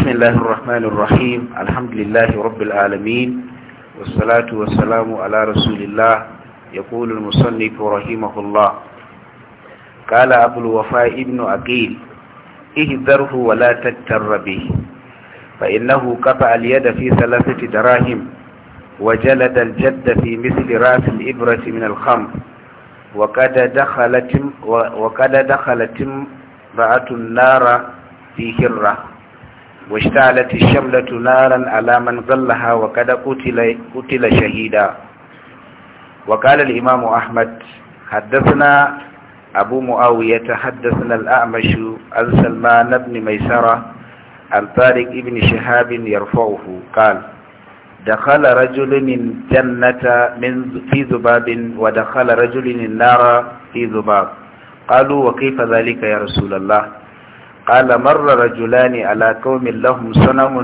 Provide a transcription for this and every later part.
بسم الله الرحمن الرحيم الحمد لله رب العالمين والصلاة والسلام على رسول الله يقول المصنف رحمه الله قال أبو الوفاء ابن أقيل اهذره ولا تتر به فإنه قطع اليد في ثلاثة دراهم وجلد الجد في مثل رأس الإبرة من الخمر وقد دخلت وقد دخلت امرأة النار في هرة واشتعلت الشملة نارا على من ظلها وقد قتل, قتل شهيدا وقال الإمام أحمد حدثنا أبو معاوية حدثنا الأعمش عن سلمان بن ميسرة عن طارق بن شهاب يرفعه قال دخل رجل الجنة من في ذباب ودخل رجل النار في ذباب قالوا وكيف ذلك يا رسول الله قال مر رجلان على قوم لهم صنم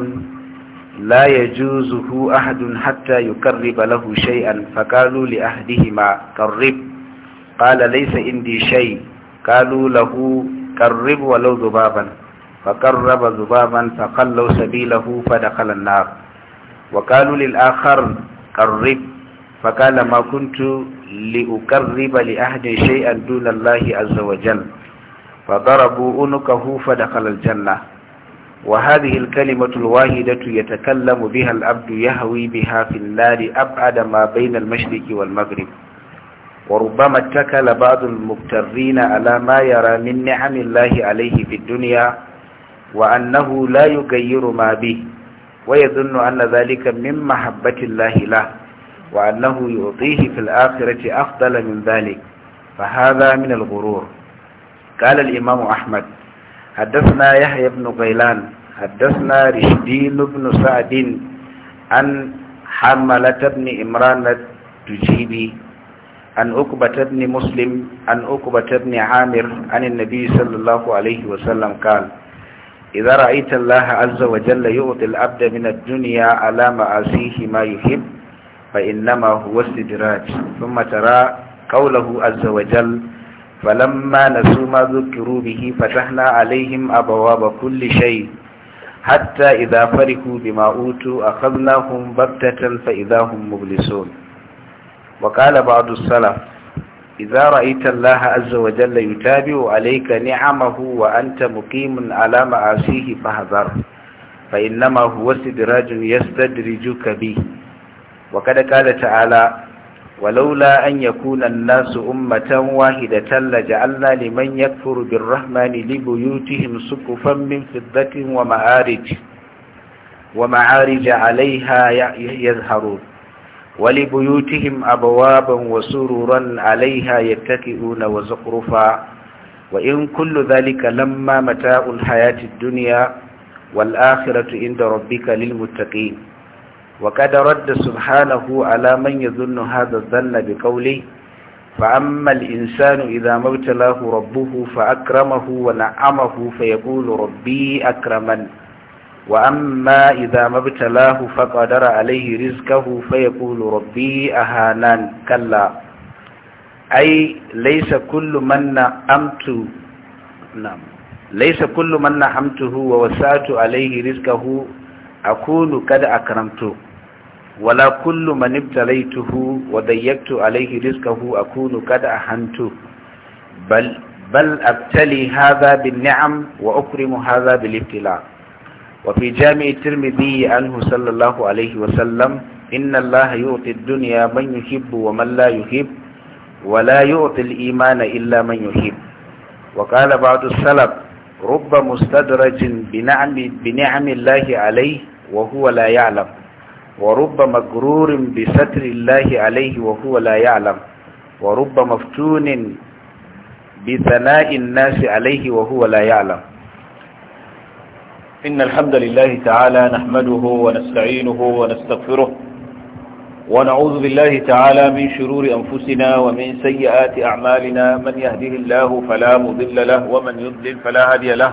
لا يجوزه أحد حتى يقرب له شيئا فقالوا لأحدهما قرب قال ليس عندي شيء قالوا له قرب ولو ذبابا فقرب ذبابا فخلوا سبيله فدخل النار وقالوا للآخر قرب فقال ما كنت لأقرب لأحد شيئا دون الله عز وجل فضربوا أنكه فدخل الجنة وهذه الكلمة الواحدة يتكلم بها العبد يهوي بها في النار أبعد ما بين المشرق والمغرب وربما اتكل بعض المبترين على ما يرى من نعم الله عليه في الدنيا وأنه لا يغير ما به ويظن أن ذلك من محبة الله له وأنه يعطيه في الآخرة أفضل من ذلك فهذا من الغرور قال الإمام أحمد حدثنا يحيى بن غيلان حدثنا رشدين بن سعد عن حملة بن إمران التجيبي عن عقبة بن مسلم عن عقبة بن عامر عن النبي صلى الله عليه وسلم قال إذا رأيت الله عز وجل يؤتي العبد من الدنيا على معاصيه ما يحب فإنما هو استدراج ثم ترى قوله عز وجل فلما نسوا ما ذكروا به فتحنا عليهم أبواب كل شيء حتى إذا فرحوا بما أوتوا أخذناهم بغتة فإذا هم مبلسون وقال بعض السلف إذا رأيت الله عز وجل يتابع عليك نعمه وأنت مقيم على معاصيه فاحذر فإنما هو استدراج يستدرجك به وقد قال تعالى ولولا أن يكون الناس أمة واحدة لجعلنا لمن يكفر بالرحمن لبيوتهم سقفا من فضة ومعارج ومعارج عليها يظهرون ولبيوتهم أبوابا وسرورا عليها يتكئون وزخرفا وإن كل ذلك لما متاع الحياة الدنيا والآخرة عند ربك للمتقين وقد رد سبحانه على من يظن هذا الظن بقوله فأما الإنسان إذا ما ابتلاه ربه فأكرمه ونعمه فيقول ربي أكرمن وأما إذا ما ابتلاه فقدر عليه رزقه فيقول ربي أهانن كلا أي ليس كل من نعمت نعم ليس كل من نعمته ووسعت عليه رزقه أكون قد أكرمته wala kullu man ibtalaytuhu wa dayyaktu alayhi rizqahu akunu qad ahantu hantu! bal abtali haza bin wa ukrimu hadha bil ibtila wa fi anhu sallallahu alayhi wa sallam inna allah yu'ti duniya dunya man yuhibbu wa man la yuhib wa la yu'ti al-imana illa man yuhib wa qala ba'du salaf rubba mustadrajin bi ni'am bi ni'am alayhi wa huwa la ya'lam ورب مجرور بستر الله عليه وهو لا يعلم ورب مفتون بثناء الناس عليه وهو لا يعلم إن الحمد لله تعالى نحمده ونستعينه ونستغفره ونعوذ بالله تعالى من شرور أنفسنا ومن سيئات أعمالنا من يهده الله فلا مضل له ومن يضلل فلا هادي له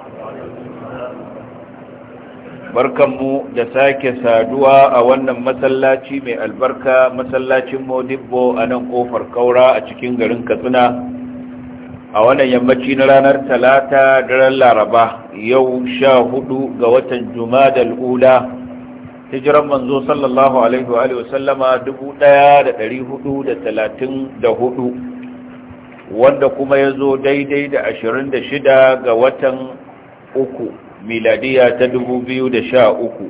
barkanmu da sake saduwa a wannan masallaci mai albarka masallacin modibbo a nan kofar kaura a cikin garin katsina a wannan yammaci na ranar talata daren laraba yau sha hudu ga watan jumadal ula hijiran manzo sallallahu alaihi wa sallama dubu ɗaya da da hudu wanda kuma ya zo daidai da ashirin da shida ga watan uku miladiya ta uku.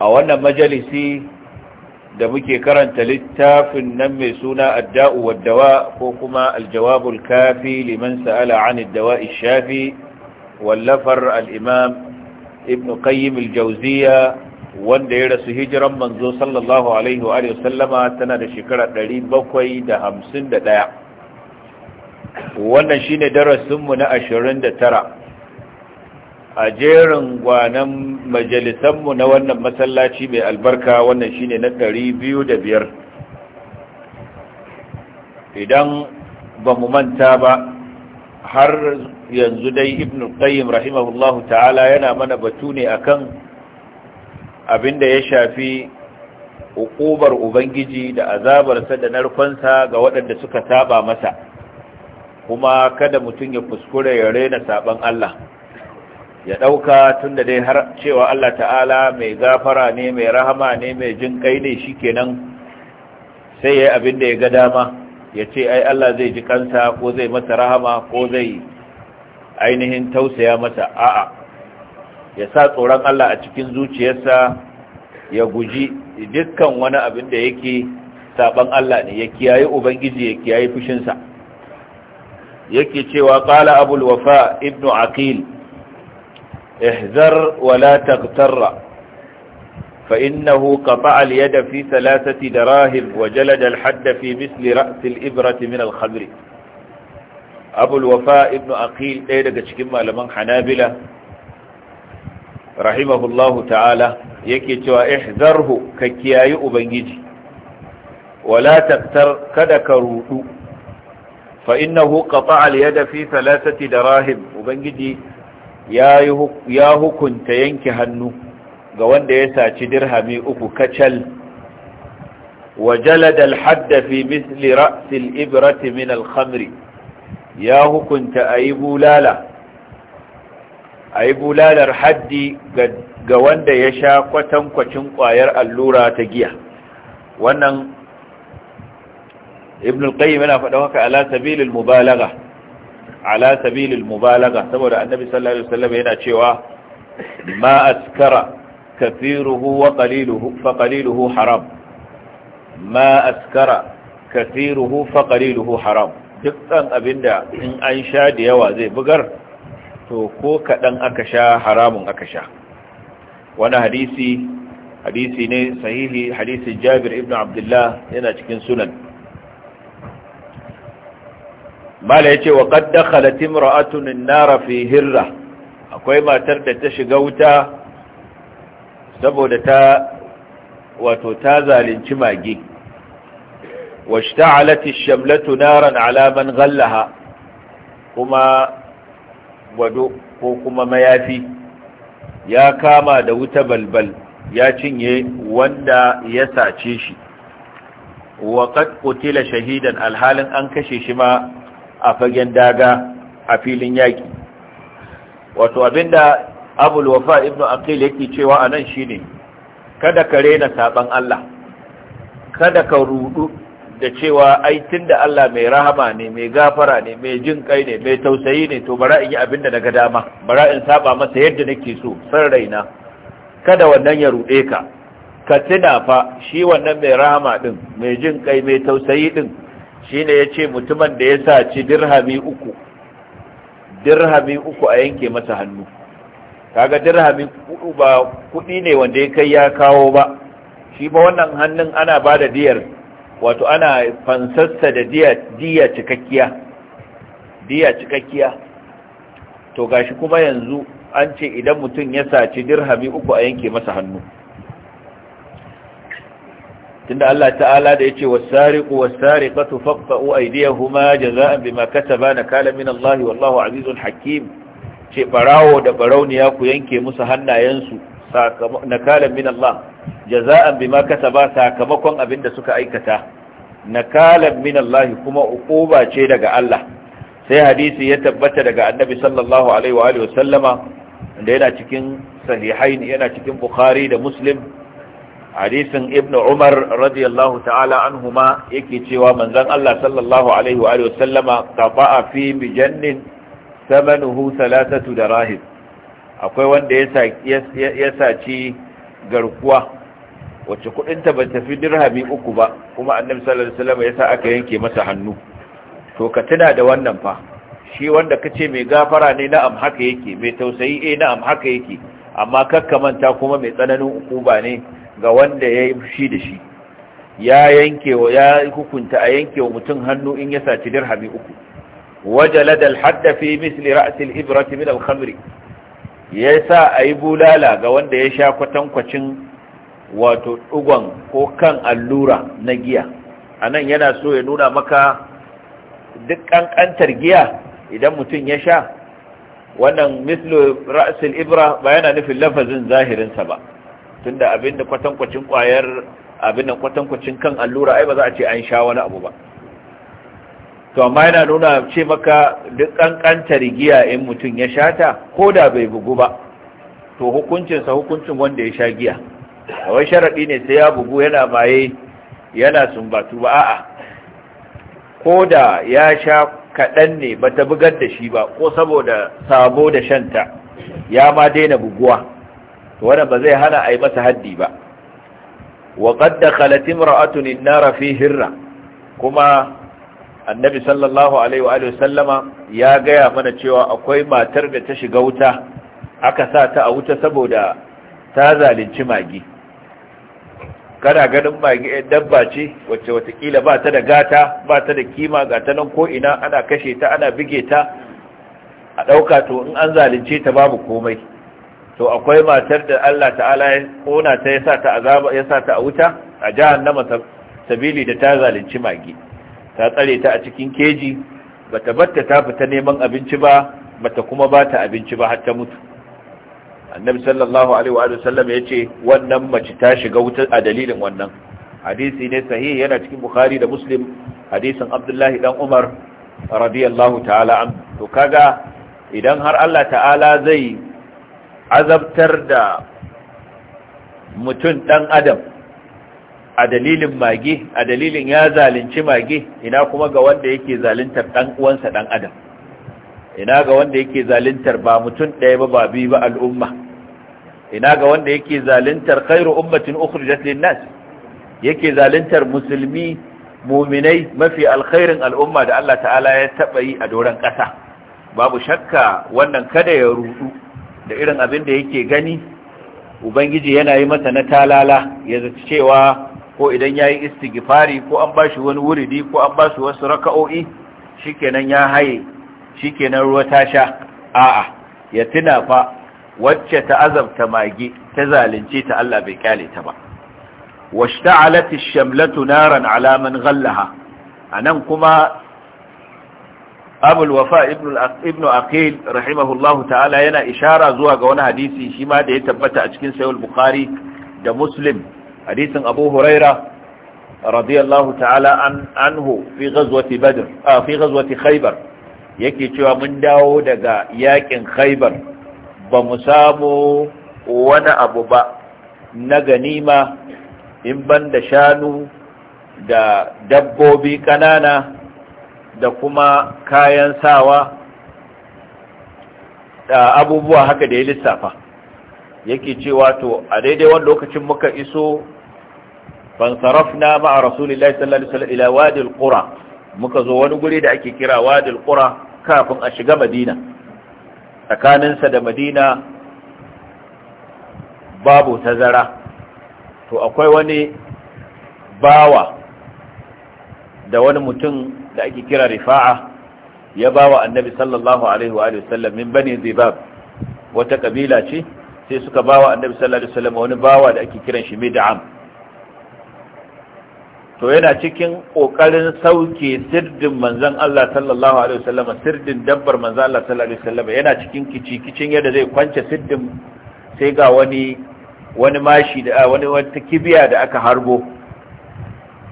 a wannan majalisi da muke karanta littafin nan mai suna adda'u waddawa ko kuma aljawabul kafi liman sa'ala an addawa'i shafi wallafar alimam ibn qayyim al-jawziya wanda ya rasu hijiran manzo sallallahu alaihi wa sallama tana da shekara 751 wannan shine darasinmu na tara. a jerin gwanan majalisanmu na wannan masallaci mai albarka wannan shine na ɗari biyu da biyar idan ba mu manta ba har yanzu dai ibn qayyim rahimahullahu ta'ala yana mana batu ne akan da ya shafi hukubar ubangiji da azabarsa da narkonsa ga waɗanda suka saba masa kuma kada mutum ya kuskure ya rena saban Allah ya ɗauka tun da dai har cewa Allah ta'ala mai gafara ne mai rahama ne mai jin kai ne shi kenan sai ya yi abin da ya ga dama ya ce ai Allah zai ji kansa ko zai masa rahama ko zai ainihin tausaya masa a'a ya sa tsoron Allah a cikin zuciyarsa ya guji dukkan wani abin da yake saban Allah ne ya kiyaye ubangiji ya kiyaye fushinsa yake cewa qala abul wafa ibnu aqil احذر ولا تغتر فإنه قطع اليد في ثلاثة دراهم وجلد الحد في مثل رأس الإبرة من الخمر أبو الوفاء ابن أقيل إيدك شكما لمن حنابلة رحمه الله تعالى يكي احذره ككياي أبنجي ولا تغتر كدك رؤو فإنه قطع اليد في ثلاثة دراهم أبنجي ya hukunta yanke hannu ga wanda ya saci dirhami uku kacal wa jalada al-hadda fi misli ra's min al-khamr ya hukunta aibu lala aibu haddi ga wanda ya sha kwatan kwacin kwayar allura ta giya wannan ibn al-qayyim yana faɗa haka ala sabilil mubalagha ala sabilil mubalaga saboda annabi sallallahu alaihi wasallam yana cewa ma askara kathiruhu wa qaliluhu fa qaliluhu haram ma askara kathiruhu fa qaliluhu haram dukkan abinda in an sha da yawa zai bugar to ko kadan aka sha haramun aka sha wani hadisi hadisi ne sahihi hadisin Jabir ibn Abdullah yana cikin sunan mala ya ce wa ƙadda halatin ra'atunin nara fi hirra akwai matar da ta shiga wuta saboda wato ta zalunci mage. washe ta halatti shamlatu naran alaman gallaha kuma ko kuma mayafi ya kama da wuta balbal ya cinye wanda ya sace shi wa ƙad shahidan alhalin an kashe shi ma a fagen daga a filin yaƙi wato abinda abul wafa ibnu aqil yake cewa anan shine kada ka rena saban Allah kada ka rudu da cewa ai tunda Allah mai rahama ne mai gafara ne mai jin kai ne mai tausayi ne to bara in yi abinda daga dama bara in saba masa yadda nake so san raina kada wannan ya rude ka ka tuna fa shi wannan mai rahama din mai jin kai mai tausayi din shine ya ce mutumin da ya saci dirhami uku dirhami uku a yanke masa hannu kaga dirhami uku ba kuɗi ne wanda ya kai ya kawo ba shi ba wannan hannun ana ba da diyar wato ana fansarsa da diya cikakkiya diya cikakkiya to gashi kuma yanzu an ce idan mutum ya saci dirhami uku a yanke masa hannu tunda Allah ta'ala da yace was-sariqu was-sariqatu faqta'u aydiyahuma jazaa'an bima kataba nakala min Allah wallahu azizun hakim ce barawo da barauniya ku yanke musu hannayensu sakamakon nakalan min Allah jaza'an bima kataba sakamakon abinda suka aikata nakalan min Allah kuma uquba ce daga Allah sai hadisi ya tabbata daga annabi sallallahu alaihi wa alihi wasallama da yana cikin sahihain yana cikin bukhari da muslim hadisin ibn umar radiyallahu ta'ala anhuma yake cewa manzan Allah sallallahu alaihi wa alihi sallama qafa'a fi bijannin samanuhu thalathatu darahim akwai wanda ya saci garkuwa wacce kudinta ba tafi dirhami uku ba kuma annabi sallallahu alaihi wasallam yasa aka yanke masa hannu to ka tuna da wannan fa shi wanda kace mai gafara ne na'am haka yake mai tausayi eh na'am haka yake amma manta kuma mai tsananin hukuma ne ga wanda ya yi shi da shi ya yanke wa ya hukunta a yanke wa mutum hannu in ya saci dirhami uku wajaladal al-hadda fi misli ra'sil ibrati min al khamri ya sa ayi bulala ga wanda ya sha kwatankwacin wato dugon ko kan allura na giya anan yana so ya nuna maka duk kankantar giya idan mutum ya sha wannan mislu ra'sul ibra ba yana nufin lafazin zahirin sa ba tunda abin da kwatankwacin kwayar da kwatankwacin kan allura ai ba za a ce an sha wani abu ba to amma yana nuna ce maka duk kankanta rigiya in mutum ya shata ko da bai bugu ba to hukuncinsa hukuncin wanda ya sha giya wai sharaɗi ne sai ya bugu yana maye yana sumbatu ba a'a ko da ya sha kaɗan ne ba ta bugar da shi ba ko saboda sabo da shanta ya ma daina buguwa to wannan ba zai hana a yi masa haddi ba wa qad dakhalat imra'atun an-nar fi hirra kuma annabi sallallahu alaihi wa alihi sallama ya gaya mana cewa akwai matar da ta shiga wuta aka sa ta a wuta saboda ta zalunci magi kana ganin dabba ce wacce watakila ba ta da gata ba ta da kima ga ta nan ko ina ana kashe ta ana bige ta a ɗauka to in an zalunce ta babu komai to akwai matar da Allah ta'ala ya kona ta ya ta azaba ya ta a wuta a jahannama sabili da ta zalunci magi ta tsare ta a cikin keji bata batta ta fita neman abinci ba bata kuma bata abinci ba har ta mutu annabi sallallahu alaihi wa sallam ce wannan mace ta shiga wuta a dalilin wannan hadisi ne sahihi yana cikin bukhari da muslim hadisin abdullahi dan umar radiyallahu ta'ala an to kaga idan har Allah ta'ala zai azabtar da mutum dan adam a dalilin mage a dalilin ya zalunci mage ina kuma ga wanda yake zaluntar dan uwansa dan adam ina ga wanda yake zaluntar ba mutum ɗaya ba ba biyu ba al'umma ina ga wanda yake zaluntar khairu ummatin ukhrijat lin-nas yake zaluntar musulmi muminai mafi alkhairin al'umma da Allah ta'ala ya taba yi a doron kasa babu shakka wannan kada ya rudu da irin abin da yake gani ubangiji yana yi masa na talala ya zaci cewa ko idan yayi istighfari ko an bashi wani wuridi ko an bashi wasu raka'o'i shikenan ya haye kenan ruwa ta sha a'a ya tuna fa wacce ta azabta mage ta zalunce ta Allah bai kyale ta ba washta'alat ash-shamlatu naran ala man ghallaha anan kuma abul wafa ibn aqil rahimahullahu ta'ala yana ishara zuwa ga wani hadisi shi ma da ya tabbata a cikin sahih bukhari da muslim hadisin abu huraira radiyallahu ta'ala anhu fi ghazwati badr ah, fi ghazwati khaybar yake cewa mun dawo daga yakin khaibar ba mu samu wani abu ba na ganima in ban da shanu da dabbobi kanana da kuma kayan sawa da abubuwa haka da ya lissafa yake cewa to a daidai wani lokacin muka iso fansarafna ma'a rasulillahi sallallahu alaihi wasallam ila wadil qura muka zo wani guri da ake kira wadil qura kafin a shiga madina tsakaninsa da madina babu tazara to akwai wani bawa da wani mutum da ake kira rifa'a ya bawa annabi sallallahu alaihi wa sallam min bani zibab wata kabila ce sai suka bawa annabi sallallahu alaihi wa sallam wani bawa da ake kiran shi mid'am to yana cikin ƙoƙarin sauke sirdin manzon Allah sallallahu Alaihi wasallam sirdin dabbar manzon Allah sallallahu Alaihi wasallam yana cikin kicikicin yadda zai kwance sirdin sai ga wani wani mashi da wani wata kibiya da aka harbo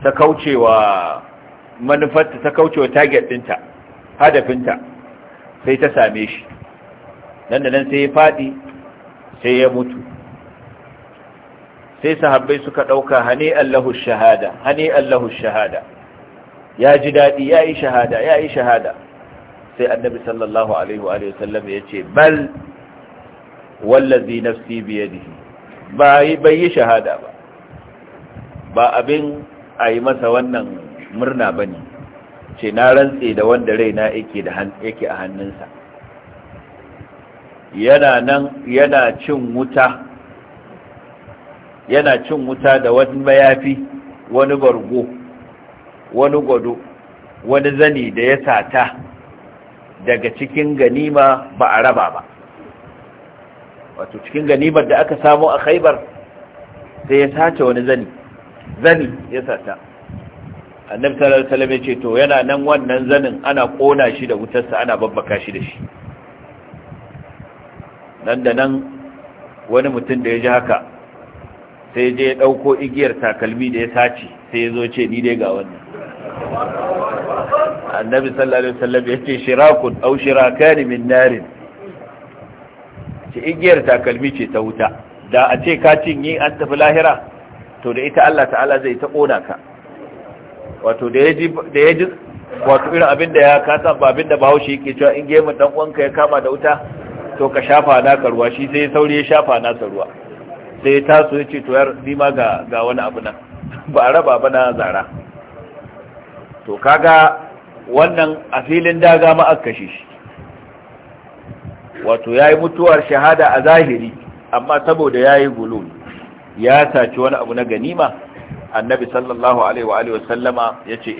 ta kaucewa manufar ta kaucewa target ɗinta hadafinta sai ta same shi nan da nan sai ya faɗi sai ya mutu sai sahabbai suka ɗauka hane Allahu shahada hane Allahu shahada ya ji daɗi ya yi shahada ya yi shahada sai annabi sallallahu alaihi wa sallam ya ce bal wallazi nafsi biyadihi bai yi shahada ba ba abin a yi masa wannan murna bane ce na rantse da wanda raina yake a hannunsa yana nan yana cin wuta yana cin wuta da wani mayafi wani bargo wani gwado wani zani da ya sata daga cikin ganima ba a raba ba wato cikin ganimar da aka samu a khaibar sai ya sace wani zani zani ya sata annabi sallallahu alaihi wasallam ce to yana nan wannan zanin ana kona shi da wutarsa ana babbaka shi da shi nan da nan wani mutum da ya ji haka sai je ya ɗauko igiyar takalmi da ya sace sai ya zo ce ni dai ga wannan annabi sallallahu alaihi wasallam ya ce shirakun au shirakani min narin ce igiyar takalmi ce ta wuta da a ce ka yi an tafi lahira to da ita Allah ta'ala zai ta kona ka wato da ya ji da ya ji wato irin abin da ya kasa ba abin da bahaushe yake cewa in gemun dan uwanka ya kama da wuta to ka shafa naka ruwa shi sai sauri ya shafa nasa ruwa sai ya taso ya ce tuyar nima ga wani abu nan ba a raba ba na zara to kaga wannan a filin daga ma kashe shi wato ya yi mutuwar shahada a zahiri amma saboda ya yi gulul ya saci wani abu na ganima annabi sallallahu alaihi wa alihi wasallama ya ce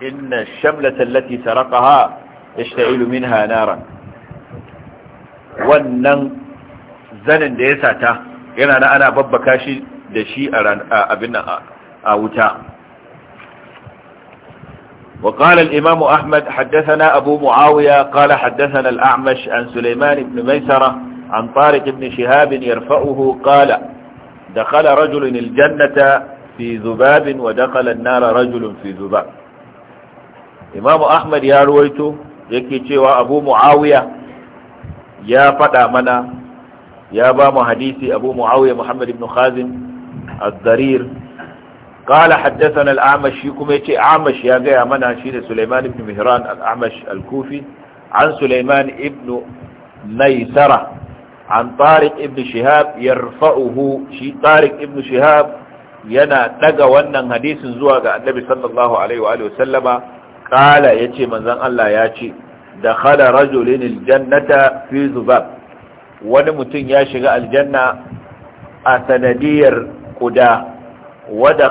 inna shamlatan lati sarakaha ya shta'ilu min hanaran wannan zanin da ya sata yana na ana babbaka shi da shi a abin nan a wuta وقال الإمام أحمد حدثنا أبو معاوية قال حدثنا الأعمش عن سليمان بن ميسرة عن طارق بن شهاب يرفعه قال دخل رجل الجنة في ذباب ودخل النار رجل في ذباب إمام أحمد يا رويته yake cewa abu mu'awiya ya faɗa mana ya ba mu hadisi abu muawiya muhammad ibn khazim az-zarir qala haddathana al-amash shi kuma yace amash ya gaya mana shi da sulaiman ibn mihran al-amash al-kufi an sulaiman ibn Naysara, an tariq ibn shihab yarfa'uhu shi tariq ibn shihab yana daga wannan hadisin zuwa ga annabi sallallahu alaihi wa alihi qala yace manzon Allah ya ce dakhala rajulun al-jannata fi zubab wani mutum ya shiga aljanna a sanadiyar kuda wada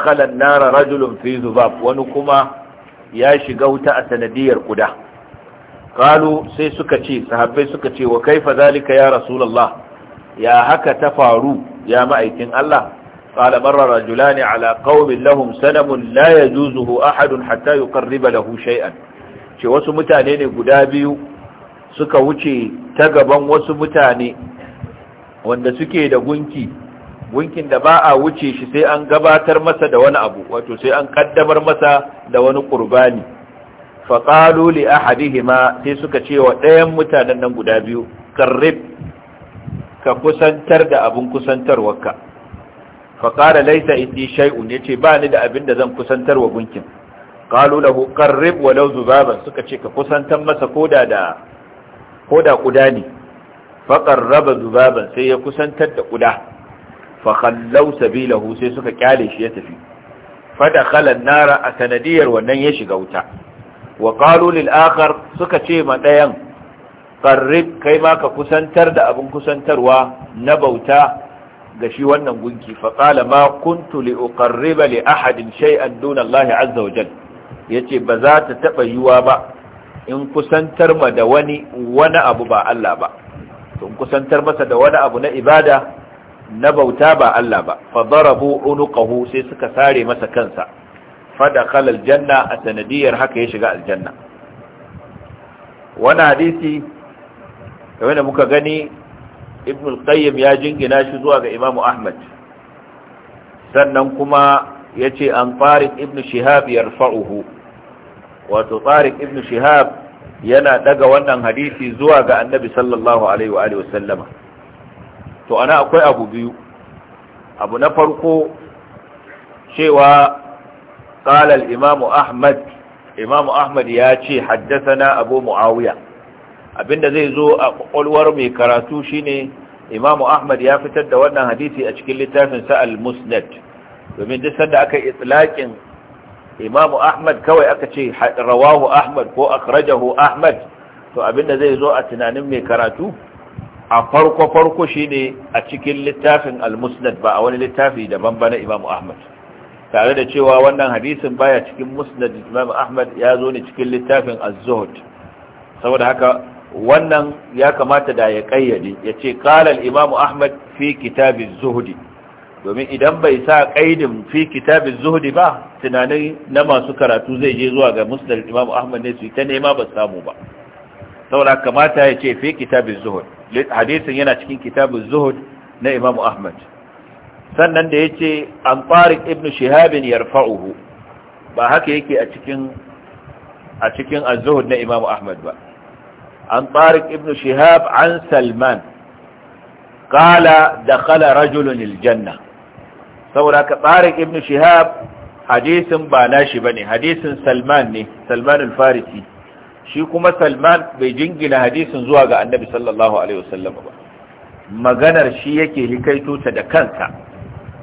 khalan nara rajulun fi zubab wani kuma ya shiga wuta a sanadiyar kuda kalu sai suka ce sahabbai suka ce wa kaifa zalika ya rasulullah ya haka ta faru ya ma'aikin Allah قال مر رجلان على قوم لهم سنم لا يجوزه أحد حتى يقرب له شيئا شو wasu mutane ne guda biyu suka wuce ta gaban wasu mutane wanda suke da gunki gunkin da ba a wuce shi sai an gabatar masa da wani abu wato sai an kaddamar masa da wani qurbani faqalu li ahadihima sai suka ce wa ɗayan mutanen nan guda biyu qarrib ka kusantar da abin kusantarwarka faqala laysa indi shay'un yace ba ni da abin da zan kusantar wa gunkin qalu lahu wa walau zubaban suka ce ka kusantar masa koda da ko da kuda ne faƙar raba zubaban sai ya kusantar da kuda Fakallau sabilahu sai suka kyale shi ya tafi fada khalan nara a sanadiyar wannan ya shiga wuta wa qalu lil akhar suka ce ma dayan qarrib kai ma ka kusantar da abin kusantarwa na bauta ga shi wannan gunki Fakala ma kuntu li uqarriba li ahadin shay'an duna Allah azza wa yace ba za ta taba yiwa ba in kusantar ma da wani wani abu ba Allah ba in kusantar masa da wani abu na ibada na bauta ba Allah ba fa darabu unuqahu sai suka sare masa kansa fa dakhala aljanna a sanadiyar haka ya shiga aljanna wani hadisi kamar da muka gani ibn al-qayyim ya jingina shi zuwa ga imamu ahmad sannan kuma yace an farid ibn shihab yarfa'uhu wato tsarik ibn shihab yana daga wannan hadisi zuwa ga annabi sallallahu alaihi wasallama to ana akwai abu biyu abu na farko cewa qala al-imam ahmad imam ahmad ya ce haddasa abu muawiya abinda zai zo a kwakwalwar mai karatu shine imam ahmad ya fitar da wannan hadisi a cikin littafin sa al-musnad domin duk sanda aka yi itlaqin imamu ahmad kawai aka ce rawahu ahmad ko akhrajahu ahmad to abinda zai zo a tunanin mai karatu a farko farko shine a cikin littafin al-musnad ba a wani littafi daban ba na imamu ahmad tare da cewa wannan hadisin baya cikin musnad imamu ahmad ya zo ne cikin littafin az-zuhd saboda haka wannan ya kamata da ya kayyade ya ce qala al-imamu ahmad fi kitab az domin idan bai sa kaidin fi kitabin zuhdi ba tunanin na masu karatu zai je zuwa ga musnad imam ahmad ne su ta nema ba samu ba saboda kamata ya ce fi kitabin zuhud hadisin yana cikin kitabin zuhud na imam ahmad sannan da ya ce an farik ibn shihabin uhu ba haka yake a cikin a cikin az-zuhud na imam ahmad ba an farik ibn shihab an salman qala dakhala rajulun aljanna saboda ka tsarin ibn shihab hadisin ba shi bane hadisin salman ne salman al-farisi shi kuma salman bai jingina hadisin zuwa ga annabi sallallahu alaihi wasallam ba maganar shi yake hikaito ta da kansa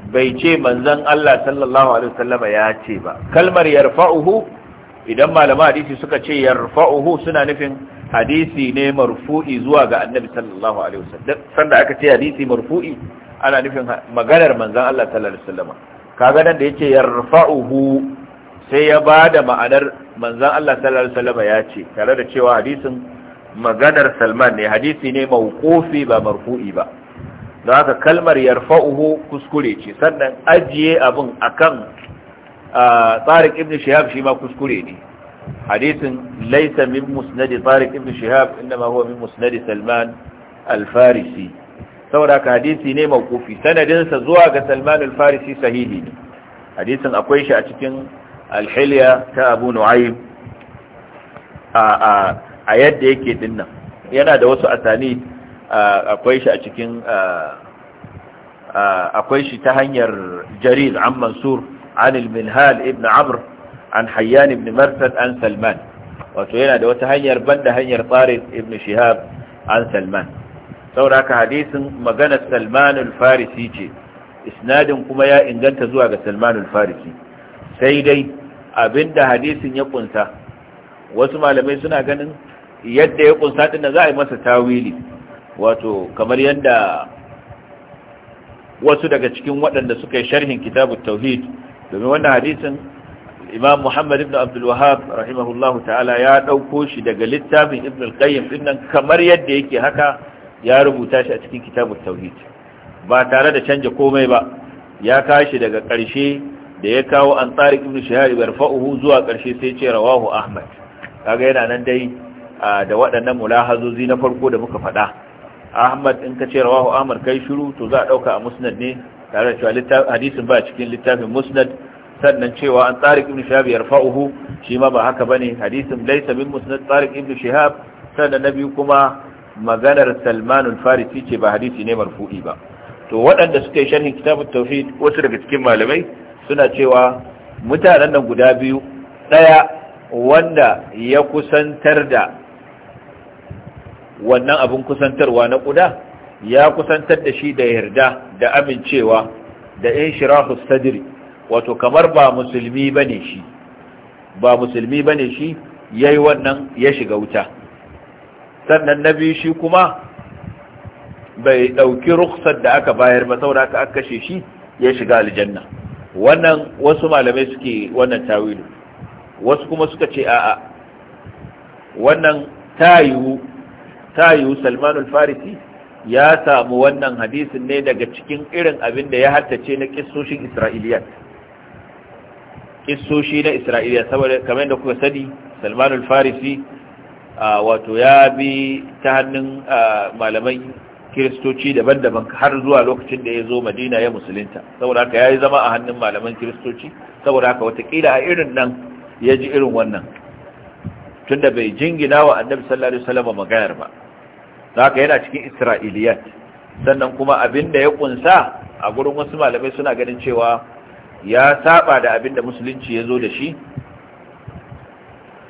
bai ce manzon Allah sallallahu alaihi wasallam ya ce ba kalmar yarfa'uhu idan malama hadisi suka ce yarfa'uhu suna nufin hadisi ne marfu'i zuwa ga annabi sallallahu alaihi wasallam sanda aka ce hadisi marfu'i ana nufin maganar manzon Allah sallallahu alaihi wasallam kaga nan da yake yarfa'uhu sai ya bada ma'anar manzon Allah sallallahu alaihi wasallam ya ce tare da cewa hadisin maganar Salman ne hadisi ne mauqufi ba marfu'i ba don haka kalmar yarfa'uhu kuskure ce sannan ajiye abin akan tsarin ibn shihab shi ma kuskure ne hadisin laisa min musnadi tariq ibn shihab inma huwa min musnadi salman alfarisi. saboda hadisi ne mawqufi kofi sanadinsa zuwa ga salman al-farisi sahihi ne hadisin akwai shi a cikin al-hilya ta abu nu'aym a a yadda yake dinnan yana da wasu asani akwai shi a cikin akwai shi ta hanyar jarir an mansur an al-minhal ibn amr an hayyan ibn marsad an salman wato yana da wata hanyar banda hanyar farid ibn shihab an salman saboda haka hadisin maganar salman al-farisi ce isnadin kuma ya inganta zuwa ga salman al-farisi sai dai abinda hadisin ya kunsa wasu malamai suna ganin yadda ya kunsa din za a yi masa tawili wato kamar yadda wasu daga cikin waɗanda suka yi sharhin kitabut tauhid domin wannan hadisin imam muhammad ibn abdul rahimahullahu ta'ala ya dauko shi daga littafin ibn al-qayyim dinnan kamar yadda yake haka ya rubuta shi a cikin kitabut tauhid ba tare da canja komai ba ya kashi daga ƙarshe da ya kawo an tsari ibn shahari barfa'uhu zuwa ƙarshe sai ce rawahu ahmad kaga yana nan dai da waɗannan mulahazozi na farko da muka faɗa ahmad in ka ce rawahu ahmad kai shiru to za a ɗauka a musnad ne tare da cewa hadisin ba cikin littafin musnad sannan cewa an tsarik ibn shihab yarfa'uhu shi ma ba haka bane hadisin laysa min musnad tsarik ibn shihab sannan na biyu kuma maganar salman al-farisi ce ba hadisi ne marfu'i ba to waɗanda suka yi sharhin kitabut tauhid wasu daga cikin malamai suna cewa mutanen nan guda biyu ɗaya wanda ya kusantar da wannan abin kusantarwa na ƙuda ya kusantar da shi da yarda da amincewa da in shirahu wato kamar ba musulmi bane shi ba musulmi bane shi yayi wannan ya shiga wuta sannan na biyu shi kuma bai ɗauki rukhsar da aka bayar ba saboda aka kashe shi ya shiga aljanna wannan wasu malamai suke wannan tawilu wasu kuma suka ce a'a wannan tayu tayu Salman farisi ya samu wannan hadisin ne daga cikin irin abin da ya haddace na kisoshin Isra'iliyat kissoshi na isra'iliya saboda kamar da kuka sani salmanul farisi wato ya bi ta hannun malamai kiristoci daban-daban har zuwa lokacin da ya zo madina ya musulunta saboda haka ya yi zama a hannun malaman kiristoci saboda haka watakila a irin nan ya ji irin wannan tunda bai jingina wa annabi sallallahu alaihi wasallam magayar ba haka yana cikin isra'iliyat sannan kuma abin da ya kunsa a gurin wasu malamai suna ganin cewa ya saba da abinda musulunci ya zo da shi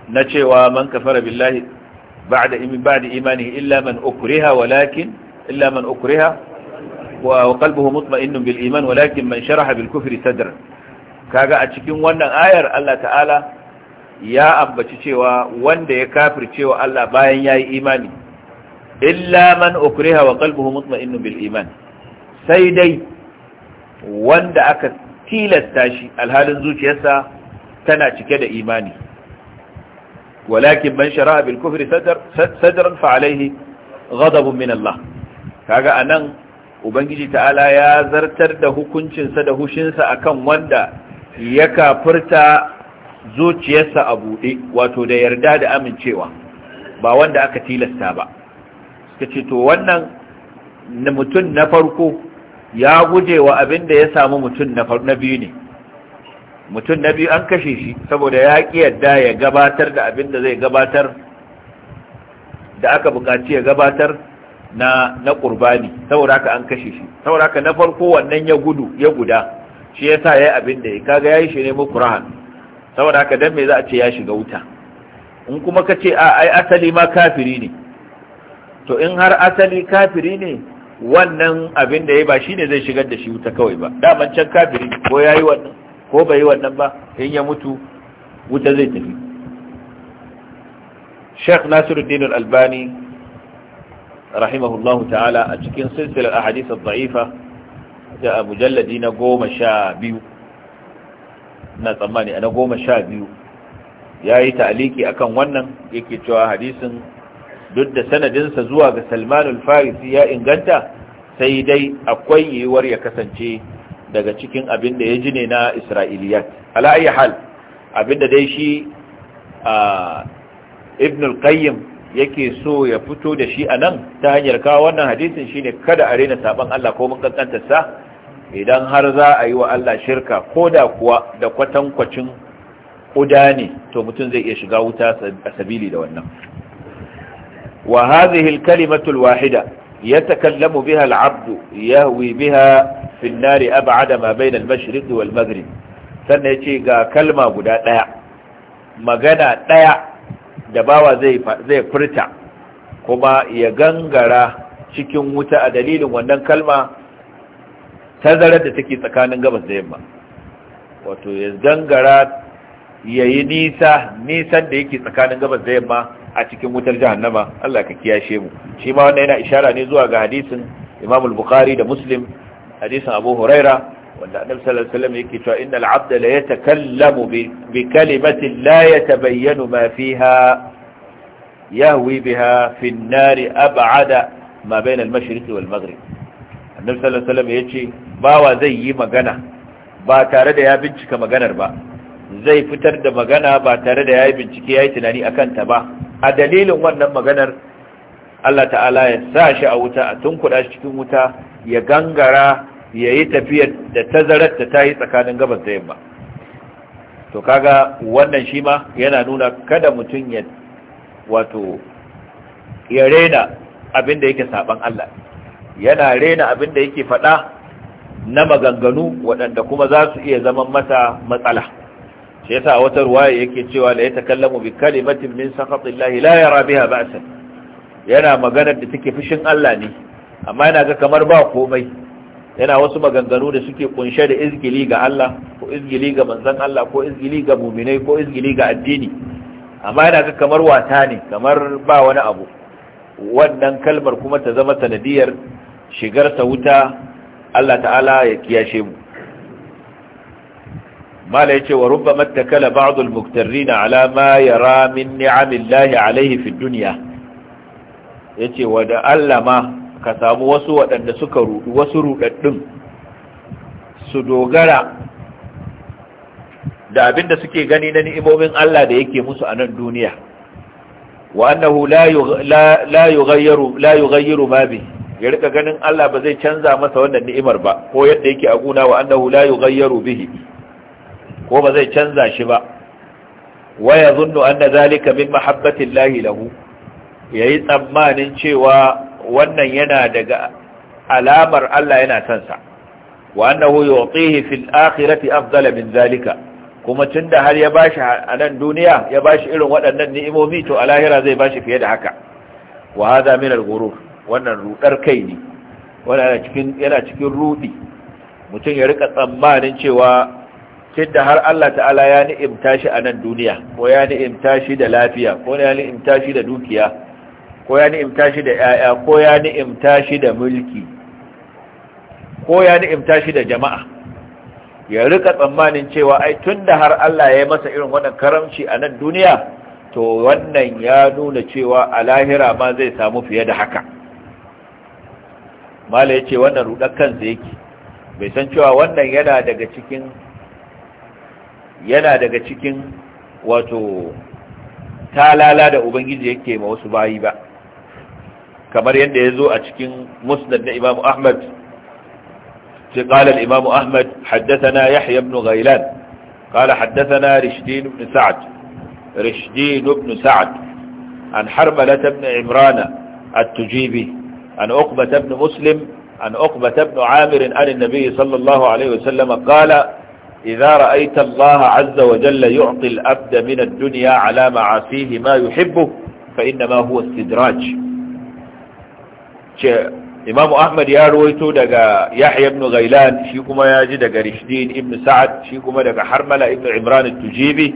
na cewa man kafara billahi ba'da imin ba'da imanihi illa man ukriha walakin illa man ukriha wa qalbuhu mutma'innun bil iman walakin man sharaha bil kufri sadran kaga a cikin wannan ayar Allah ta'ala ya ambaci cewa wanda ya kafircewa Allah bayan yayi imani illa man ukriha wa qalbuhu mutma'innun bil iman sai dai wanda aka tilasta shi alhalin zuciyarsa tana cike da imani walakin man shara'a bil kufri sadran fa alaihi ghadabun min Allah kaga anan ubangiji ta'ala ya zartar da hukuncinsa da hushinsa akan wanda ya kafirta zuciyarsa a buɗe wato da yarda da amincewa ba wanda aka tilasta ba suka ce to wannan mutum na farko ya guje wa abin da ya samu mutum na biyu ne mutum na biyu an kashe shi saboda ya ƙi yadda ya gabatar da abin da zai gabatar da aka buƙaci ya gabatar na na qurbani saboda haka an kashe shi saboda haka na farko wannan ya gudu ya guda shi yasa yayi abin da ya kaga yayi shi ne qur'an saboda haka dan me za a ce ya shiga wuta in kuma kace a ai asali ma kafiri ne to in har asali kafiri ne wannan abin da ya ba shine zai shigar da shi wuta kawai ba daman can kafiri ko ya yi wannan ko bai yi wannan ba in ya mutu wuta zai tafi sheikh nasiruddin al-albani rahimahullahu ta'ala a cikin silsilar ahadith ad-da'ifa da mujalladi na goma sha biyu na tsammani na goma sha biyu ya yi ta'aliki akan wannan yake cewa hadisin duk da sanadinsa zuwa ga salmanul farisi ya inganta sai dai akwai yiwuwar ya kasance daga cikin abin da ya ji ne na isra'iliyat ala'ayi hal abin da dai shi ibn qayyim yake so ya fito da shi a nan ta hanyar kawo wannan hadisin shine kada a rena saban Allah ko mun sa idan har za a yi wa Allah shirka ko da kuwa da kwatankwacin kuda ne to mutum zai iya shiga wuta a sabili da wannan wa hadhihi al-kalimatu al-wahida yatakallamu biha al-'abd yahwi biha fi an-nar ab'ada ma bayna al-mashriq wal-maghrib sannan yace ga kalma guda ɗaya, magana ɗaya, da bawa zai zai furta kuma ya gangara cikin wuta a dalilin wannan kalma tazarar da take tsakanin gabas da yamma wato ya gangara ya yi nisa nisan da yake tsakanin gabas da yamma a cikin wutar jahannama Allah ka kiyashe mu shi ma wannan yana ishara ne zuwa ga hadisin Imam al-Bukhari da Muslim hadisin Abu Huraira wanda Annabi sallallahu alaihi wasallam yake cewa innal abda la yatakallamu bi kalimatin la yatabayyanu ma fiha yahwi biha fi an-nar ab'ada ma bayna al-mashriq wal maghrib Annabi sallallahu alaihi wasallam yace bawa zai yi magana ba tare da ya bincika maganar ba zai fitar da magana ba tare da ya yi bincike ya yi tunani a kanta ba a dalilin wannan maganar Allah ta'ala ya sa shi a wuta a tunkuɗa shi cikin wuta ya gangara ya yi tafiyar da tazarar ta yi tsakanin gabas da yamma to kaga wannan shi ma yana nuna kada mutum ya wato ya rena abin da yake saban Allah yana rena abin da yake faɗa na maganganu waɗanda kuma za su iya zaman masa matsala shi yasa wata ruwaya yake cewa la yatakallamu bi kalimatin min sakhatillahi la yara biha ba'sa yana maganar da take fushin Allah ne amma yana ga kamar ba komai yana wasu maganganu da suke kunshe da izgili ga Allah ko izgili ga manzon Allah ko izgili ga mu'minai ko izgili ga addini amma yana ga kamar wata ne kamar ba wani abu wannan kalmar kuma ta zama sanadiyar shigar ta wuta Allah ta'ala ya kiyashe mu mala yace wa rubbama takala ba'd al-muktarrin ala ma yara min ni'amillahi alayhi fi dunya yace wa da Allah ma ka samu wasu waɗanda suka rudu wasu su dogara da abinda suke gani na ni'imomin Allah da yake musu a nan duniya wa annahu la yughayyiru la yughayyiru ma bihi ya rika ganin Allah ba zai canza masa wannan ni'imar ba ko yadda yake a guna wa annahu la yughayyaru bihi ko ba zai canza shi ba waya zunnu anna zalika min mahabbatin lahi lahu yayi tsammanin cewa wannan yana daga alamar Allah yana son sa wa annahu yu'tihi fil akhirati afdala min zalika kuma tunda har ya bashi a nan duniya ya bashi irin waɗannan ni'imomi to a lahira zai bashi fiye da haka wa hadha min al-ghurur wannan rudar kai ne wannan yana cikin yana cikin rudi mutum ya rika tsammanin cewa tunda har Allah ta'ala ya ni'imta shi a nan duniya ko ya ni'imta shi da lafiya ko ya ni'imta shi da dukiya ko ya ni'imta shi da yaya ko ya ni'imta shi da mulki ko ya ni'imta shi da jama'a ya rika tsammanin cewa ai tunda har Allah ya yi masa irin wannan karamci a nan duniya to wannan ya nuna cewa a lahira ma zai samu fiye da haka mala ce, wannan rudar kansa yake bai san cewa wannan yana daga cikin yana daga cikin wato talala da ubangiji yake ma wasu bayi ba kamar yadda ya zo a cikin musnad na imamu ahmad ce qala al-imamu ahmad haddathana yahya ibn ghailan qala haddathana rishdin ibn sa'd rishdin ibn sa'd an harmalah ibn imran at-tujibi an uqba ibn muslim an uqba ibn amir an an-nabi sallallahu alaihi wa sallam qala إذا رأيت الله عز وجل يعطي الأبد من الدنيا على معافيه ما يحبه فإنما هو استدراج إمام أحمد يا رويتو دقى يحيى بن غيلان شيكما يجي دقى رشدين ابن سعد شيكما دقى حرملة ابن عمران التجيبي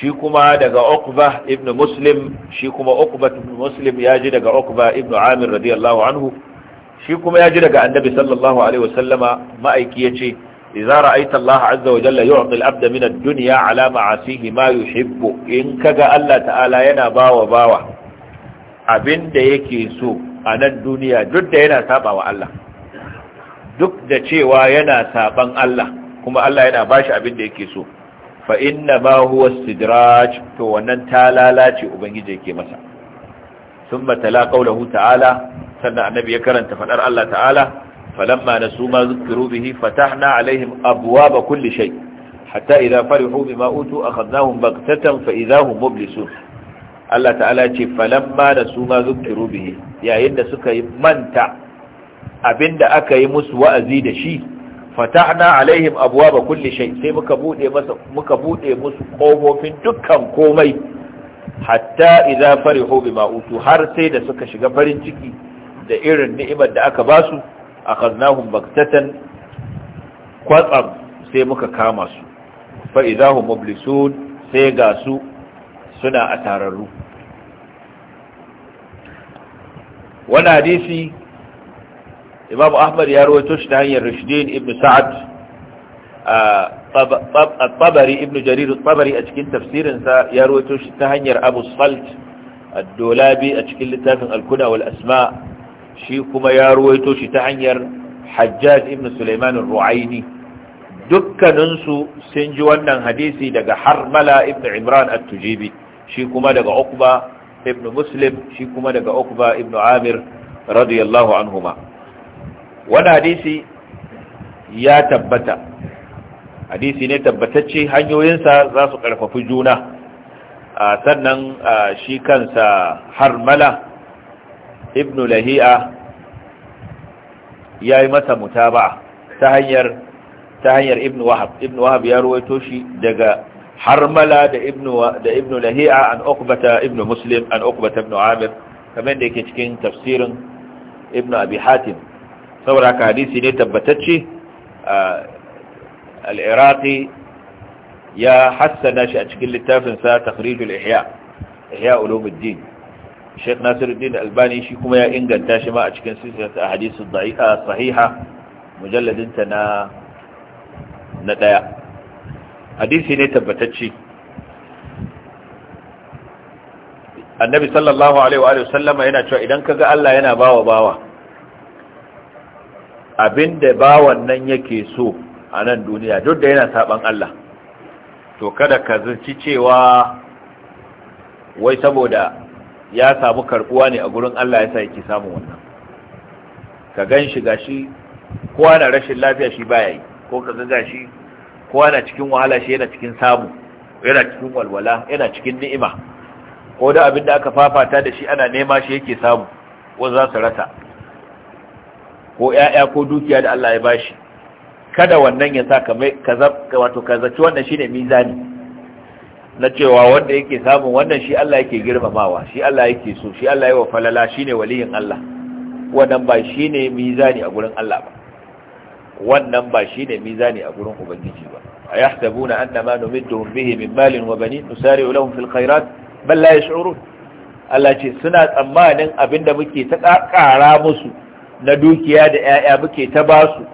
شيكما دقى عقبة ابن مسلم شيكما عقبة ابن مسلم يجي دقى عقبة ابن عامر رضي الله عنه شيكما يجي دقى النبي صلى الله عليه وسلم ما أيكي يجي idza ra'aita Allah azza wa jalla yu'ti al-abda min ad-dunya ala ma'asihi ma yuhibbu in ga Allah ta'ala yana bawa bawa abinda yake so a nan duniya duk da yana saba wa Allah duk da cewa yana saban Allah kuma Allah yana ba bashi abinda yake so fa inna ma huwa istidraj to wannan ta lalace ubangiji yake masa thumma tala ta'ala sannan annabi ya karanta faɗar Allah ta'ala فلما نسوا ما ذكروا به فتحنا عليهم أبواب كل شيء حتى إذا فرحوا بما أوتوا أخذناهم بغتة فإذا هم مبلسون الله تعالى يقول فلما نسوا ما ذكروا به يا إن سكي منتع أبند أكيمس وأزيد شيء فتحنا عليهم أبواب كل شيء سي مكبوت مس قوم في دكان قومي حتى إذا فرحوا بما أوتوا هر سيدة سكي شغفرين تكي da irin ni'imar da aka basu akhadnahum baktatan kwatsam sai muka kama su fa idahum mublisun sai ga su suna a tararru wani hadisi imam ahmad ya rawaito shi ta hanyar rushdin ibn sa'ad tabari ibn jarir tabari a cikin tafsirinsa ya rawaito shi ta hanyar abu salt ad-dolabi a cikin littafin al-kuna wal asma' shi kuma ya ruwaito shi ta hanyar hajjaj ibn suleiman ru'aini dukkaninsu sun ji wannan hadisi daga harmala ibn imran at-tujibi shi kuma daga uqba ibn muslim shi kuma daga uqba ibn amir radiyallahu anhuma wannan hadisi ya tabbata hadisi ne tabbatacce hanyoyinsa za su karfafi juna sannan shi kansa harmala ibnu lahi'a ya yi masa mutaba ta hanyar ta hanyar ibnu wahab ibnu wahab ya ruwaito shi daga harmala da ibnu da ibnu lahi'a an uqbata ibnu muslim an uqbata ibnu amir kamar da yake cikin tafsirin ibnu abi hatim saboda haka hadisi ne tabbatacce al-iraqi ya hassana shi a cikin littafinsa takhrijul ihya ihya ulumuddin Sheikh Nasiruddin Albani shi kuma ya inganta shi ma a cikin silsilar hadisu dha'ifa sahiha mujalladin na na daya hadisi ne tabbatacce Annabi sallallahu alaihi wa sallama yana cewa idan kaga Allah yana bawa bawa da bawan nan yake so a nan duniya duk da yana saban Allah to kada ka zaci cewa wai saboda ya samu karbuwa ne a gurin Allah ya sa yake samun wannan ka gan shi gashi kowa na rashin lafiya shi baya yi ko ka ga shi kowa na cikin wahala shi yana cikin samu yana cikin walwala yana cikin ni'ima ko da abin da aka fafata da shi ana nema shi yake samu ko za su rasa ko ƴaƴa ko dukiya da Allah ya bashi kada wannan ya sa ka wato ka zaci wannan shine mizani na cewa wanda yake samun wannan shi Allah yake girmamawa shi Allah yake so shi Allah yawa falala shine waliyin Allah wannan ba shine mizani a gurin Allah ba wannan ba shine mizani a gurin ubangiji ba ayahsabuna annama numidduhum bihi min malin wa banin nusari'u lahum fil khairat bal la yash'urun Allah ce suna tsammanin abinda muke ta kara musu na dukiya da ƴaƴa muke ta basu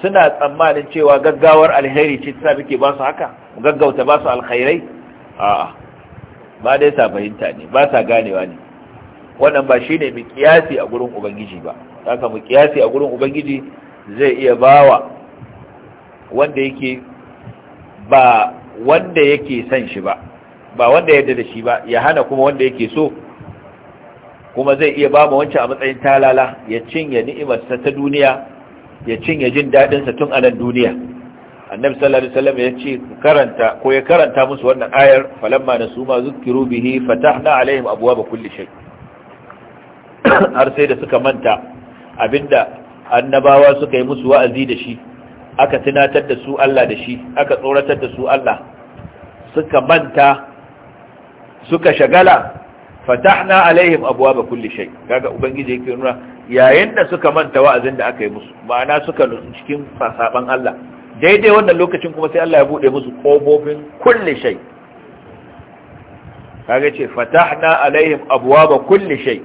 suna tsammanin cewa gaggawar alheri ce ta sa muke basu haka gaggauta basu alkhairai a'a ba dai sa fahimta ne ba sa ganewa ne wannan ba shine mu kiyasi a gurin ubangiji ba haka mu kiyasi a gurin ubangiji zai iya bawa wanda yake ba wanda yake son shi ba ba wanda yadda da shi ba ya hana kuma wanda yake so kuma zai iya bama wancan a matsayin talala ya cinye ni'imarsa ta duniya ya cinye jin daɗinsa tun a nan duniya annabi sallallahu alaihi wasallam ya ce karanta ko ya karanta musu wannan ayar falamma nasu ma zukkiru bihi fatahna alaihim abwaaba kulli shay har sai da suka manta abinda annabawa suka yi musu wa'azi da shi aka tunatar da su Allah da shi aka tsoratar da su Allah suka manta suka shagala fatahna alaihim abwaaba kulli shay kaga ubangiji yake nuna yayin da suka manta wa'azin da aka yi musu ma'ana suka nutsu cikin saban Allah daidai wannan lokacin kuma sai Allah ya bude musu kobobin kulli shay kaga ce fatahna alaihim abwaba kulli shay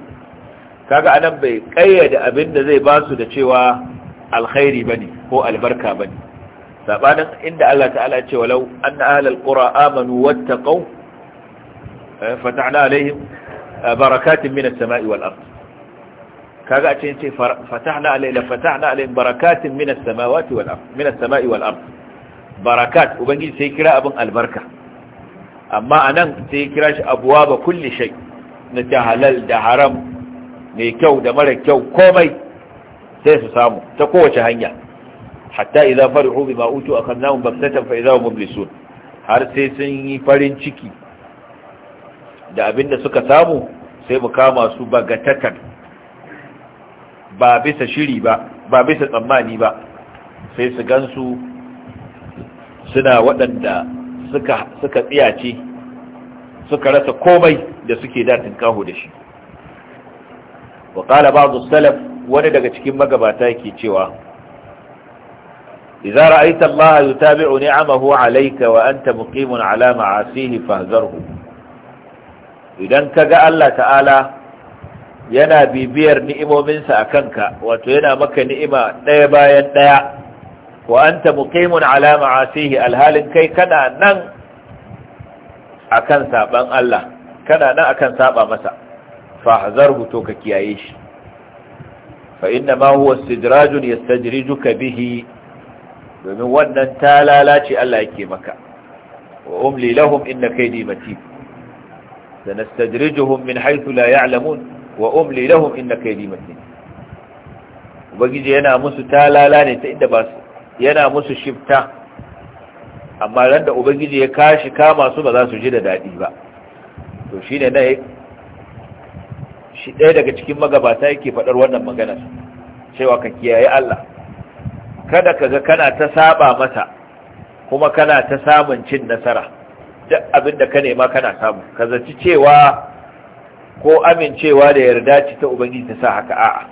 kaga anan bai kayyade abin da zai basu da cewa alkhairi bane ko albarka bane sabanin inda Allah ta'ala ya ce walau anna ahlal qura amanu wattaqu eh, fatahna alaihim eh, barakatin minas sama'i wal ardh kaga a cikin ce fatahna alai la fatahna alai barakatin minas samawati wal ard minas samai wal barakat ubangiji sai kira abin albarka amma anan sai kira shi abwaba kulli shay na ta halal da haram mai kyau da mara kyau komai sai su samu ta kowace hanya hatta idza farihu bima utu akhadnahum baghtatan fa idza hum mublisun har sai sun yi farin ciki da abinda suka samu sai mu kama su bagatatan ba bisa shiri ba bisa tsammani ba sai su gansu suna waɗanda suka tsiyace suka rasa komai da suke datin kaho da shi wa qala ba'd salaf wani daga cikin magabata yake cewa idza ra'aita Allah yutabi'u ni'amahu 'alayka wa anta muqimun 'ala ma'asihi fahzarhu idan kaga Allah ta'ala yana bibiyar ni'imominsa a kanka wato yana maka ni'ima ɗaya bayan ɗaya wa anta muqimun ala ma'asihi alhalin kai kana nan akan saɓan Allah kana nan akan saba masa fahzarhu to ka kiyaye shi fa ma huwa istidrajun ka bihi domin wannan ta lalace Allah yake maka wa umli lahum inna kaydi matin sanastajrijuhum min haythu la ya'lamun wa umli lahum innaka yadi matin ubangiji yana musu talala ne ta inda ba su yana musu shifta amma ran da ubangiji ya kashi kama su ba za su ji da daɗi ba to shi ne shi ɗaya daga cikin magabata yake faɗar wannan magana cewa ka kiyaye Allah kada ka ga kana ta saba mata, kuma kana ta samun cin nasara duk abin da ka nema kana samu ka zaci cewa ko amincewa da yarda ci ta ubangiji ta sa haka a'a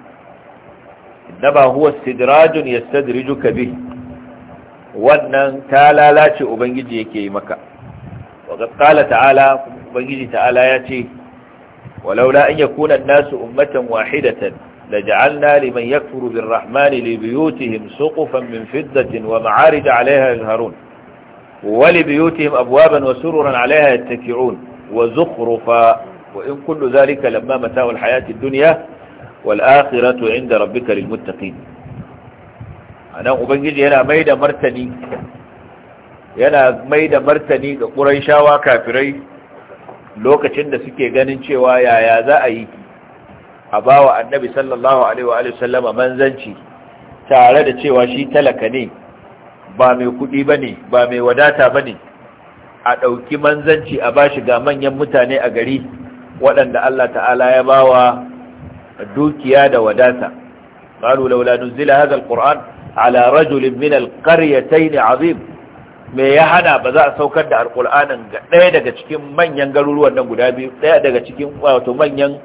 innama huwa sidrajun yastadrijuka bi wannan ta lalace ubangiji yake yi maka wa qala ta'ala ubangiji ta'ala ya ce laj'alna liman yakfuru الناس li buyutihim suqufan min fiddatin wa ma'arij 'alayha من wa li buyutihim abwaban wa sururan 'alayha yattaki'un wa zukhrufa وإن كل ذلك لما متاع الحياة الدنيا والآخرة عند ربك للمتقين أنا أبنجي هنا ميدا مرتني yana mai da martani ga ƙuraishawa kafirai lokacin da suke ganin cewa yaya za a yi a bawa annabi sallallahu alaihi wa sallama manzanci tare da cewa shi talaka ne ba mai kuɗi ba ba mai wadata bane. a ɗauki manzanci a ba shi ga manyan mutane a gari waɗanda Allah ta'ala ya bawa dukiya da wadata qalu laula nuzila hadha alquran ala rajulin min alqaryatayn azim me ya hana ba za a saukar da alqur'anin ga ɗaya daga cikin manyan garuruwan nan guda biyu ɗaya daga cikin wato manyan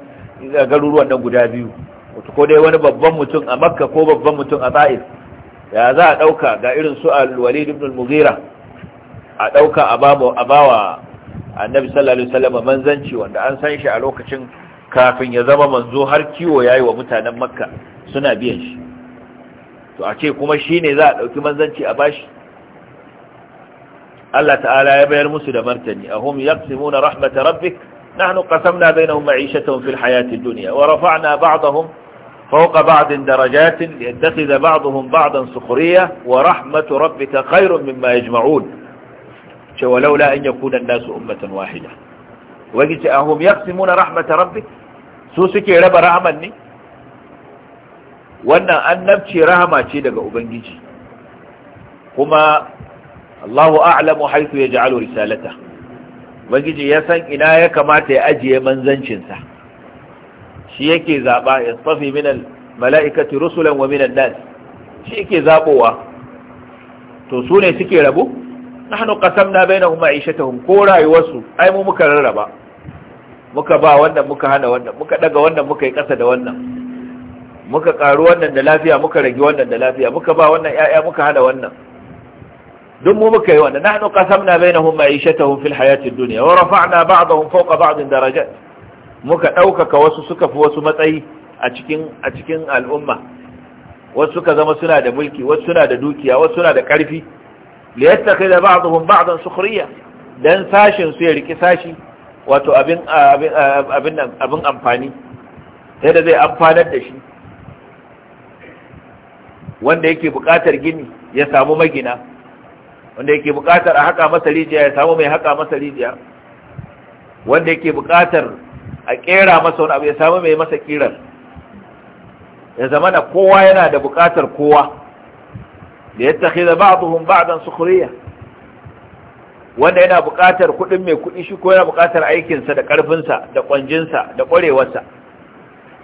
garuruwan nan guda biyu wato ko dai wani babban mutum a makka ko babban mutum a ta'if ya za a ɗauka ga irin su al-walid ibn al-mughira a ɗauka a bawa annabi sallallahu alaihi wasallam manzanci wanda an san shi a lokacin kafin ya zama manzo har kiwo yayi wa mutanen makka suna biyan shi to a ce kuma shine za a dauki manzanci a bashi Allah ta'ala ya bayar musu da martani ahum yaqsimuna rahmat rabbik nahnu qasamna bainahum ma'ishatahum fil hayatid dunya wa rafa'na ba'dahum فوق بعض درجات ليتخذ بعضهم بعضا سخرية ورحمة ربك خير مما يجمعون ce walaula an yakuna nasu ummatan wahida wani ce ahum yaqsimuna rahmatar rabbik su suke raba Rahman ne wannan annabci rahama ce daga ubangiji kuma Allahu a'lamu haythu yaj'alu risalata ubangiji ya san ina ya kamata ya ajiye manzancin sa shi yake zaba yastafi min al-mala'ikati rusulan wa min an-nas shi yake zabowa to su ne suke rabo nahnu qasamna bainahum ma'ishatahum ko rayuwarsu ai mu muka rarraba muka ba wannan muka hana wannan muka daga wannan muka yi kasa da wannan muka karu wannan da lafiya muka rage wannan da lafiya muka ba wannan 'ya'ya, muka hana wannan duk mu muka yi wannan nahnu qasamna bainahum ma'ishatahum fil hayati ad-dunya wa rafa'na ba'dahum fawqa ba'din darajat muka ɗaukaka wasu suka fi wasu matsayi a cikin a cikin al'umma wasu suka zama suna da mulki wasu suna da dukiya wasu suna da ƙarfi liyattakhidha ba'dhum ba'dan sukhriya dan sashin su ya riki sashi wato abin abin abin amfani sai da zai amfanar da shi wanda yake buƙatar gini ya samu magina wanda yake buƙatar a haƙa masa rijiya ya samu mai haƙa masa rijiya wanda yake buƙatar a ƙera masa wani abu ya samu mai masa ƙirar ya zama na kowa yana da buƙatar kowa da ya takhidha ba'dhum ba'dan sukuriya wanda yana buƙatar kuɗin mai kuɗi shi ko yana buƙatar aikinsa da ƙarfinsa da ƙwanjinsa da ƙwarewarsa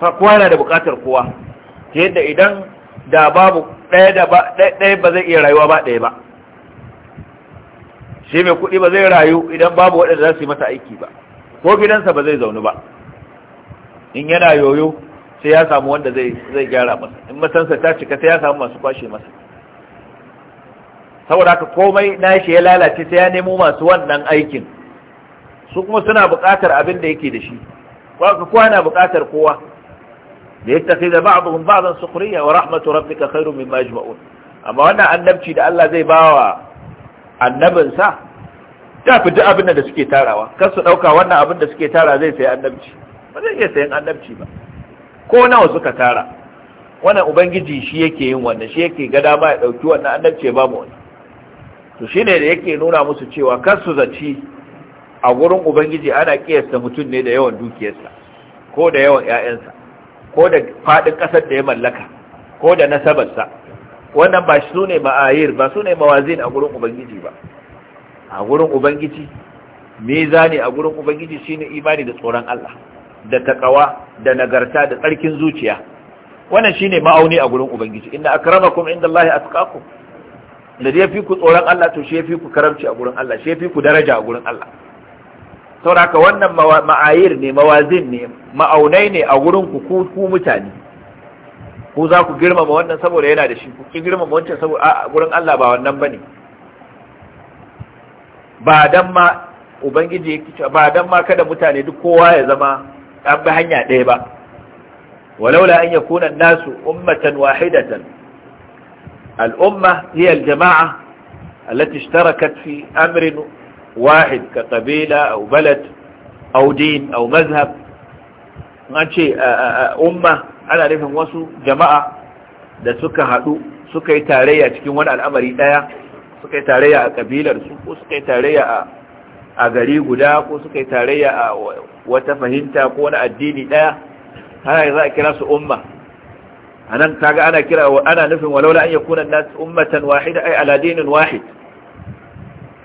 fa kowa yana da buƙatar kowa ta yadda idan da babu ɗaya ba zai iya rayuwa ba ɗaya ba shi mai kuɗi ba zai rayu idan babu waɗanda za su yi masa aiki ba ko gidansa ba zai zaune ba in yana yoyo sai ya samu wanda zai gyara masa in masansa ta cika sai ya samu masu kwashe masa saboda haka komai nashi ya lalace sai ya nemo masu wannan aikin su kuma suna buƙatar abin da yake da shi kowa yana buƙatar kowa da ya tafi da ba'abuhum ba'dan sukhriya wa rahmatu rabbika khairu mimma yajma'un amma wannan annabci da Allah zai bawa annabin sa ta fita abin da suke tarawa kar su dauka wannan abin da suke tara zai sayi annabci ba zai iya sayan annabci ba ko nawa suka tara wannan ubangiji shi yake yin wannan shi yake ga dama ya dauki wannan annabci ya ba mu wannan to shine da yake nuna musu cewa kan su zaci a gurin ubangiji ana kiyasta mutum ne da yawan dukiyarsa ko da yawan ƴaƴansa ko da faɗin ƙasar da ya mallaka ko da nasabarsa wannan ba su ne ma'ayir ba su ne mawazin a gurin ubangiji ba a gurin ubangiji ne a gurin ubangiji shine imani da tsoron Allah da takawa da nagarta da tsarkin zuciya wannan shine ma'auni a gurin ubangiji inna akramakum indallahi atqakum da ya fi ku tsoron Allah to shi ya fi ku karamci a gurin Allah shi ya fi ku daraja a gurin Allah sauraka wannan ma'ayir ne mawazin ne ma'aunai ne a gurin ku ku mutane ku za ku girmama wannan saboda yana da shi ku ki girmama wancan saboda a gurin Allah ba wannan bane ba dan ma ubangiji yake cewa ba dan ma kada mutane duk kowa ya zama an bi hanya ɗaya ba walaula an yakuna nasu ummatan wahidatan الأمة هي الجماعة التي اشتركت في أمر واحد كقبيلة أو بلد أو دين أو مذهب ce umma ana nufin wasu jama'a da suka haɗu suka yi tarayya cikin wani al'amari ɗaya suka yi tarayya a ƙabilarsu ko suka yi tarayya a gari guda ko suka yi tarayya a wata fahimta ko wani addini ɗaya hana za a kira su umma anan kaga ana kira ana nufin walaula an yakuna nas ummatan wahida ai ala wahid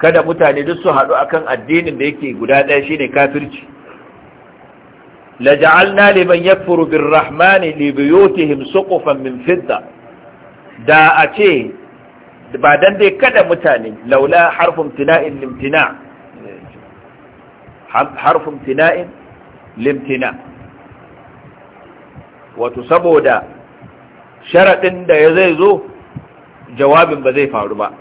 kada mutane duk su hadu akan addinin da yake guda ɗaya shine kafirci laja'alna liman yakfuru birrahmani li buyutihim suqufan min fidda da a ce ba dan dai kada mutane laula harfun tina'in limtina harfun tina'in limtina wato saboda sharaɗin da ya zai zo jawabin ba zai faru ba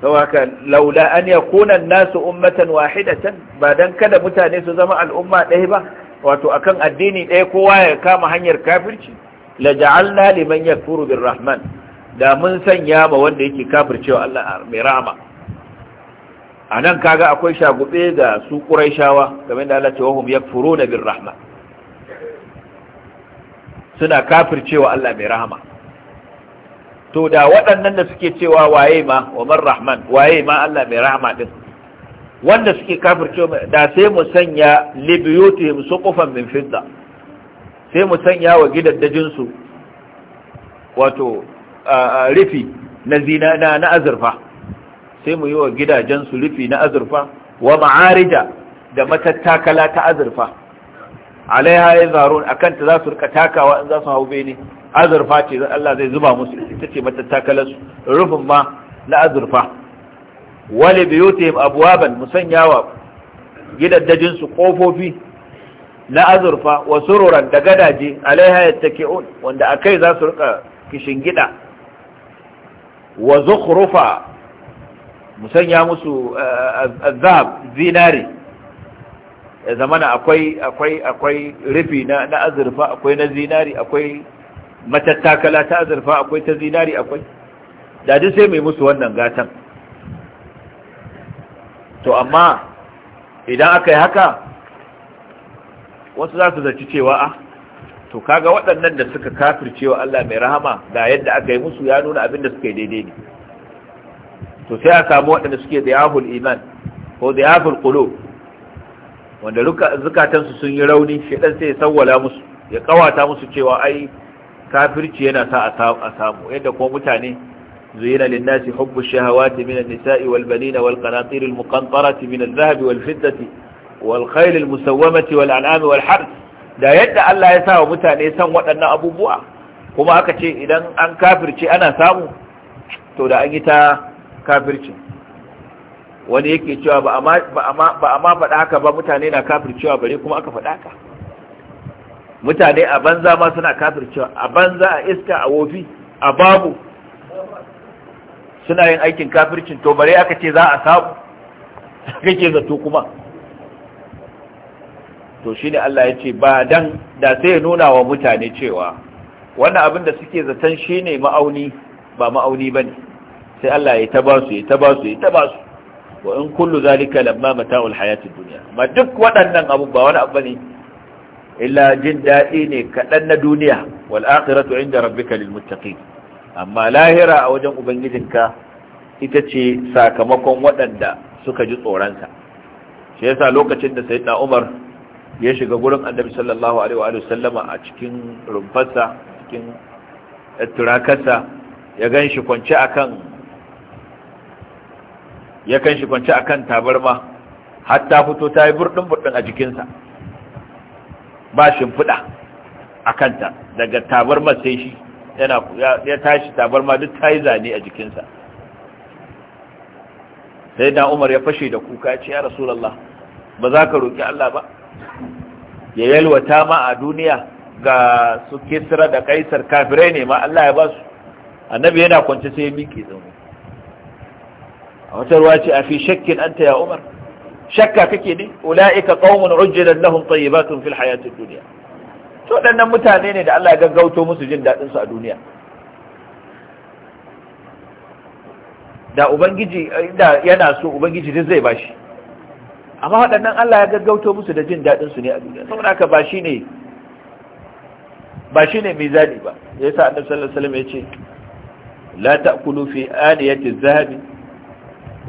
saboda laula an ya kunan nasu ummatan wahidatan ba don kada mutane su zama al'umma ɗaya ba wato akan addini ɗaya kowa ya kama hanyar kafirci la ja'alna liman yakfuru birrahman da mun sanya ba wanda yake kafircewa Allah mai rahama anan kaga akwai shagube ga su quraishawa kamar da Allah ce wa hum yakfuruna birrahman suna cewa Allah mai rahama to da waɗannan da suke cewa waye ma wa man rahman waye ma Allah mai rahama din wanda suke cewa da sai mu sanya libiyutihim suqufan min fidda sai mu sanya wa gidaddajin su wato rufi na zina na, na azurfa sai mu yi wa gidajensu rufi na azurfa wa ma'arija da matattakala ta azurfa alaiha ya zarun a kanta za su rika takawa in za su hau bene azurfa ce Allah zai zuba musu ita ce takalarsu rufin ma na azurfa wale biyotihim abwaban musanyawa su kofofi na azurfa wasu roran da gadaje alaiha un wanda a kai za su rika gida. wa zukhrufa musanya musu eh, azab zinari ya zamana akwai akwai akwai rufi na na azurfa akwai na zinari akwai matattakala ta azurfa akwai ta zinari akwai da duk sai mai musu wannan gatan to amma idan aka yi haka wasu za su zaci cewa a ah, to kaga waɗannan da suka kafircewa Allah mai rahama ga yadda aka yi musu ya nuna abin da suka yi daidai ne to sai a samu waɗanda suke da iman ko da yahul qulub wanda zukatansu sun yi rauni shedan sai ya sawwala musu ya kawata musu cewa ai kafirci yana sa a samu yadda kuma mutane زين للناس حب الشهوات من النساء والبنين والقناطير المقنطرة من الذهب والفدة والخيل المسومة والأنعام والحرث da yadda Allah ya sa wa mutane san waɗannan abubuwa kuma aka ce idan an kafirce ana samu to da an yi ta kafircin wani yake cewa ba a ma faɗa haka ba mutane na kafir cewa bare kuma aka faɗa haka mutane a banza ma suna kafir cewa a banza a iska a wofi a babu suna yin aikin kafircin to bare aka ce za a samu kake zato kuma to shi ne Allah ya ce ba dan da sai ya nuna wa mutane cewa wannan abin da suke zaton shine ma'auni ba ma'auni ba ne. sai Allah ya ta basu ya ta basu ya ta basu wa in kullu zalika lamma mata'ul hayatid dunya ma duk waɗannan abubuwa wani abu ne illa jin daɗi ne kaɗan na duniya wal akhiratu inda rabbika lil muttaqin amma lahira a wajen ubangijinka ita ce sakamakon waɗanda suka ji tsoronsa shi yasa lokacin da sayyidina Umar ya shiga gurin Annabi sallallahu alaihi wa sallama a cikin rumfarsa cikin turakarsa ya ganshi kwance akan ya kan shi kwanci akan tabarma hatta fito ta yi burɗin-burɗin a jikinsa ba shimfiɗa a kanta daga tabarma sai shi yana ya tashi tabarma duk ta yi zane a jikinsa sai na umar ya fashe da kuka ce ya rasulallah ba za ka roƙi Allah ba ya yalwata ma a duniya ga su kisra da kaisar kafirai ne ma Allah ya ba su annabi yana kwance sai ya miƙe zaune a wata ruwa ce a fi shakkin anta ya umar shakka kake ne ula'ika qaumun ujjilat lahum tayyibatun fil hayatid dunya to dannan mutane ne da Allah ya gaggauto musu jin dadin su a duniya da ubangiji da yana so ubangiji din zai bashi amma waɗannan Allah ya gaggauto musu da jin dadin su ne a duniya saboda haka ba shine ba shine mizani ba yasa annabi sallallahu alaihi wasallam yace la ta'kulu fi aniyati zahabi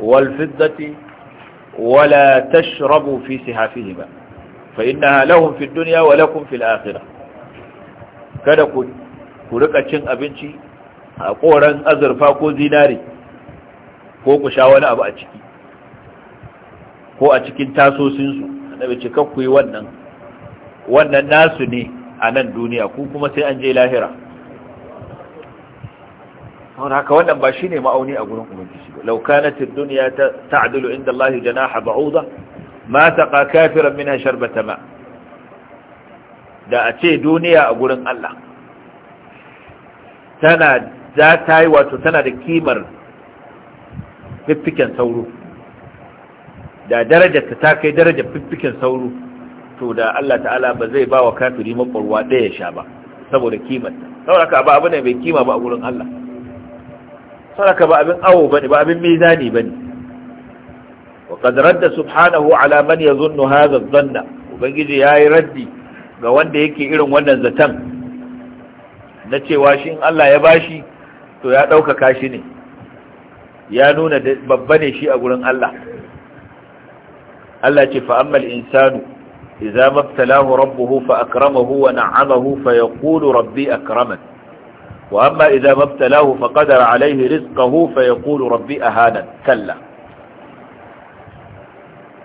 والفضة ولا تشربوا في سهافهما فإنها fi في الدنيا ولكم في الآخرة kada ku rika cin abinci a koran azurfa ko zinari ko ku sha wani abu a ciki ko a cikin tasosinsu annabi ce kakku yi wannan wannan nasu ne a nan duniya ku kuma sai an je lahira saboda haka wannan ba shi ne ma'auni a gurin ubangiji ba law kanat ad-dunya ta'dilu inda Allah janaha ba'uda ma taqa kafiran minha sharbata ma da a ce duniya a gurin Allah tana za ta yi wato tana da kimar fiffiken sauro da darajarta ta kai darajar fiffiken sauro to da Allah ta'ala ba zai ba wa kafiri makwarwa ɗaya sha ba saboda kimarta saboda ka ba abu ne mai kima ba a gurin Allah saboda ba abin awo bane ba abin mizani bane wa qad radda subhanahu ala man yazunnu hadha adh-dhanna ubangiji yayi raddi ga wanda yake irin wannan zaton na cewa shi in Allah ya bashi to ya ɗaukaka shi ne ya nuna babba ne shi a gurin Allah Allah ce fa'ammal insanu iza maftalahu rabbuhu fa akramahu wa na'amahu fa yaqulu rabbi akraman وأما إذا ما ابتلاه فقدر عليه رزقه فيقول ربي أهانا كلا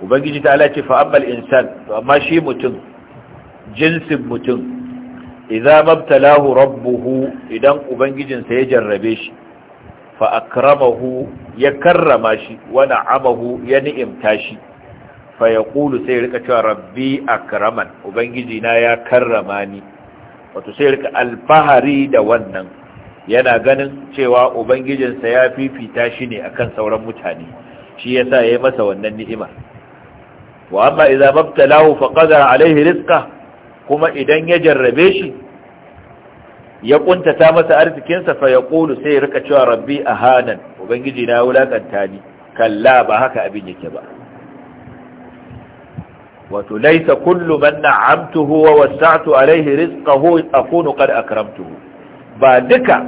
وبنجي تعالى فأما الإنسان فأما شي متن جنس متن إذا ما ابتلاه ربه إذا وبنجي سيجربيش فأكرمه يكرماشي ونعمه ينئمتاشي فيقول سيرك ربي أكرمن وبنجي نايا كرماني wato sai rika alfahari da wannan yana ganin cewa ubangijinsa ya fifita shi ne akan sauran mutane shi yasa yi masa wannan ni'ima wa amma idza mabtalahu faqadara alaihi Riska, kuma idan ya jarrabe shi ya kuntata masa arzikinsa fa ya Kulu sai ya rika cewa rabbi a hanan, ubangiji na wulaƙanta ni kalla ba haka abin yake ba wato laisa kullu man na'amtuhu wa wasa'tu alaihi rizqahu akunu qad akramtuhu ba duka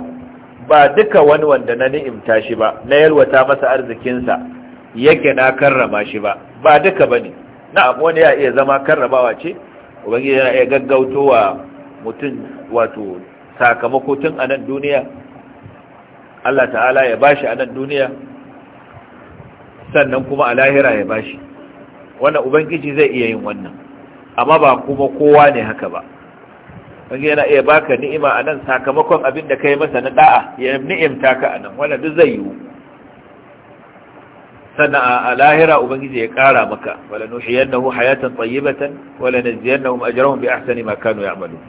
ba duka wani wanda na ni'imta shi ba na yalwata masa arzikinsa yake na karrama shi ba ba duka bane na'am wani ya iya zama karramawa ce ubangiji yana iya gaggautowa mutum wato sakamako tun a nan duniya Allah ta'ala ya bashi a nan duniya sannan kuma a lahira ya bashi wannan ubangiji zai iya yin wannan amma ba kuma kowa ne haka ba wani yana iya baka ni'ima a nan sakamakon abin da ka yi masa na da'a ya ni'imta ka a nan wannan duk zai yiwu sannan a lahira ubangiji ya kara maka wala nuhiyannahu hayatan tayyibatan wala na na ziyar najziyannahum ajrahum bi Asani ma ya ya'malun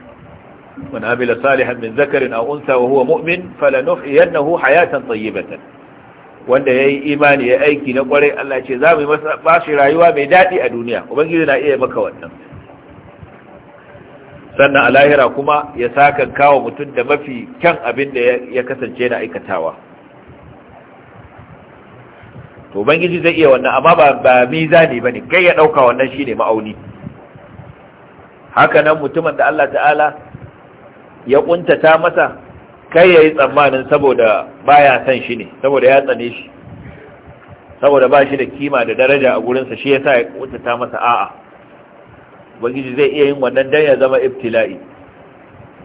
man amila salihan min zakarin aw unsa wa huwa mu'min falanuhyiyannahu hayatan tayyibatan wanda ya yi imani ya aiki na kwarai Allah ce za mu ba shi rayuwa mai daɗi a duniya ubangiji na iya maka wannan sannan a lahira kuma ya saka kawo mutum da mafi kyan abin da ya kasance na aikatawa to ubangiji zai iya wannan amma ba ba mizani bane kai ya dauka wannan shine ma'auni haka nan mutumin da Allah ta'ala ya kuntata masa kai ya yi tsammanin saboda baya son shi ne saboda ya tsane shi saboda ba shi da kima da daraja a gurinsa shi ya sa ya kuntata masa a'a ubangiji zai iya yin wannan dan ya zama ibtila'i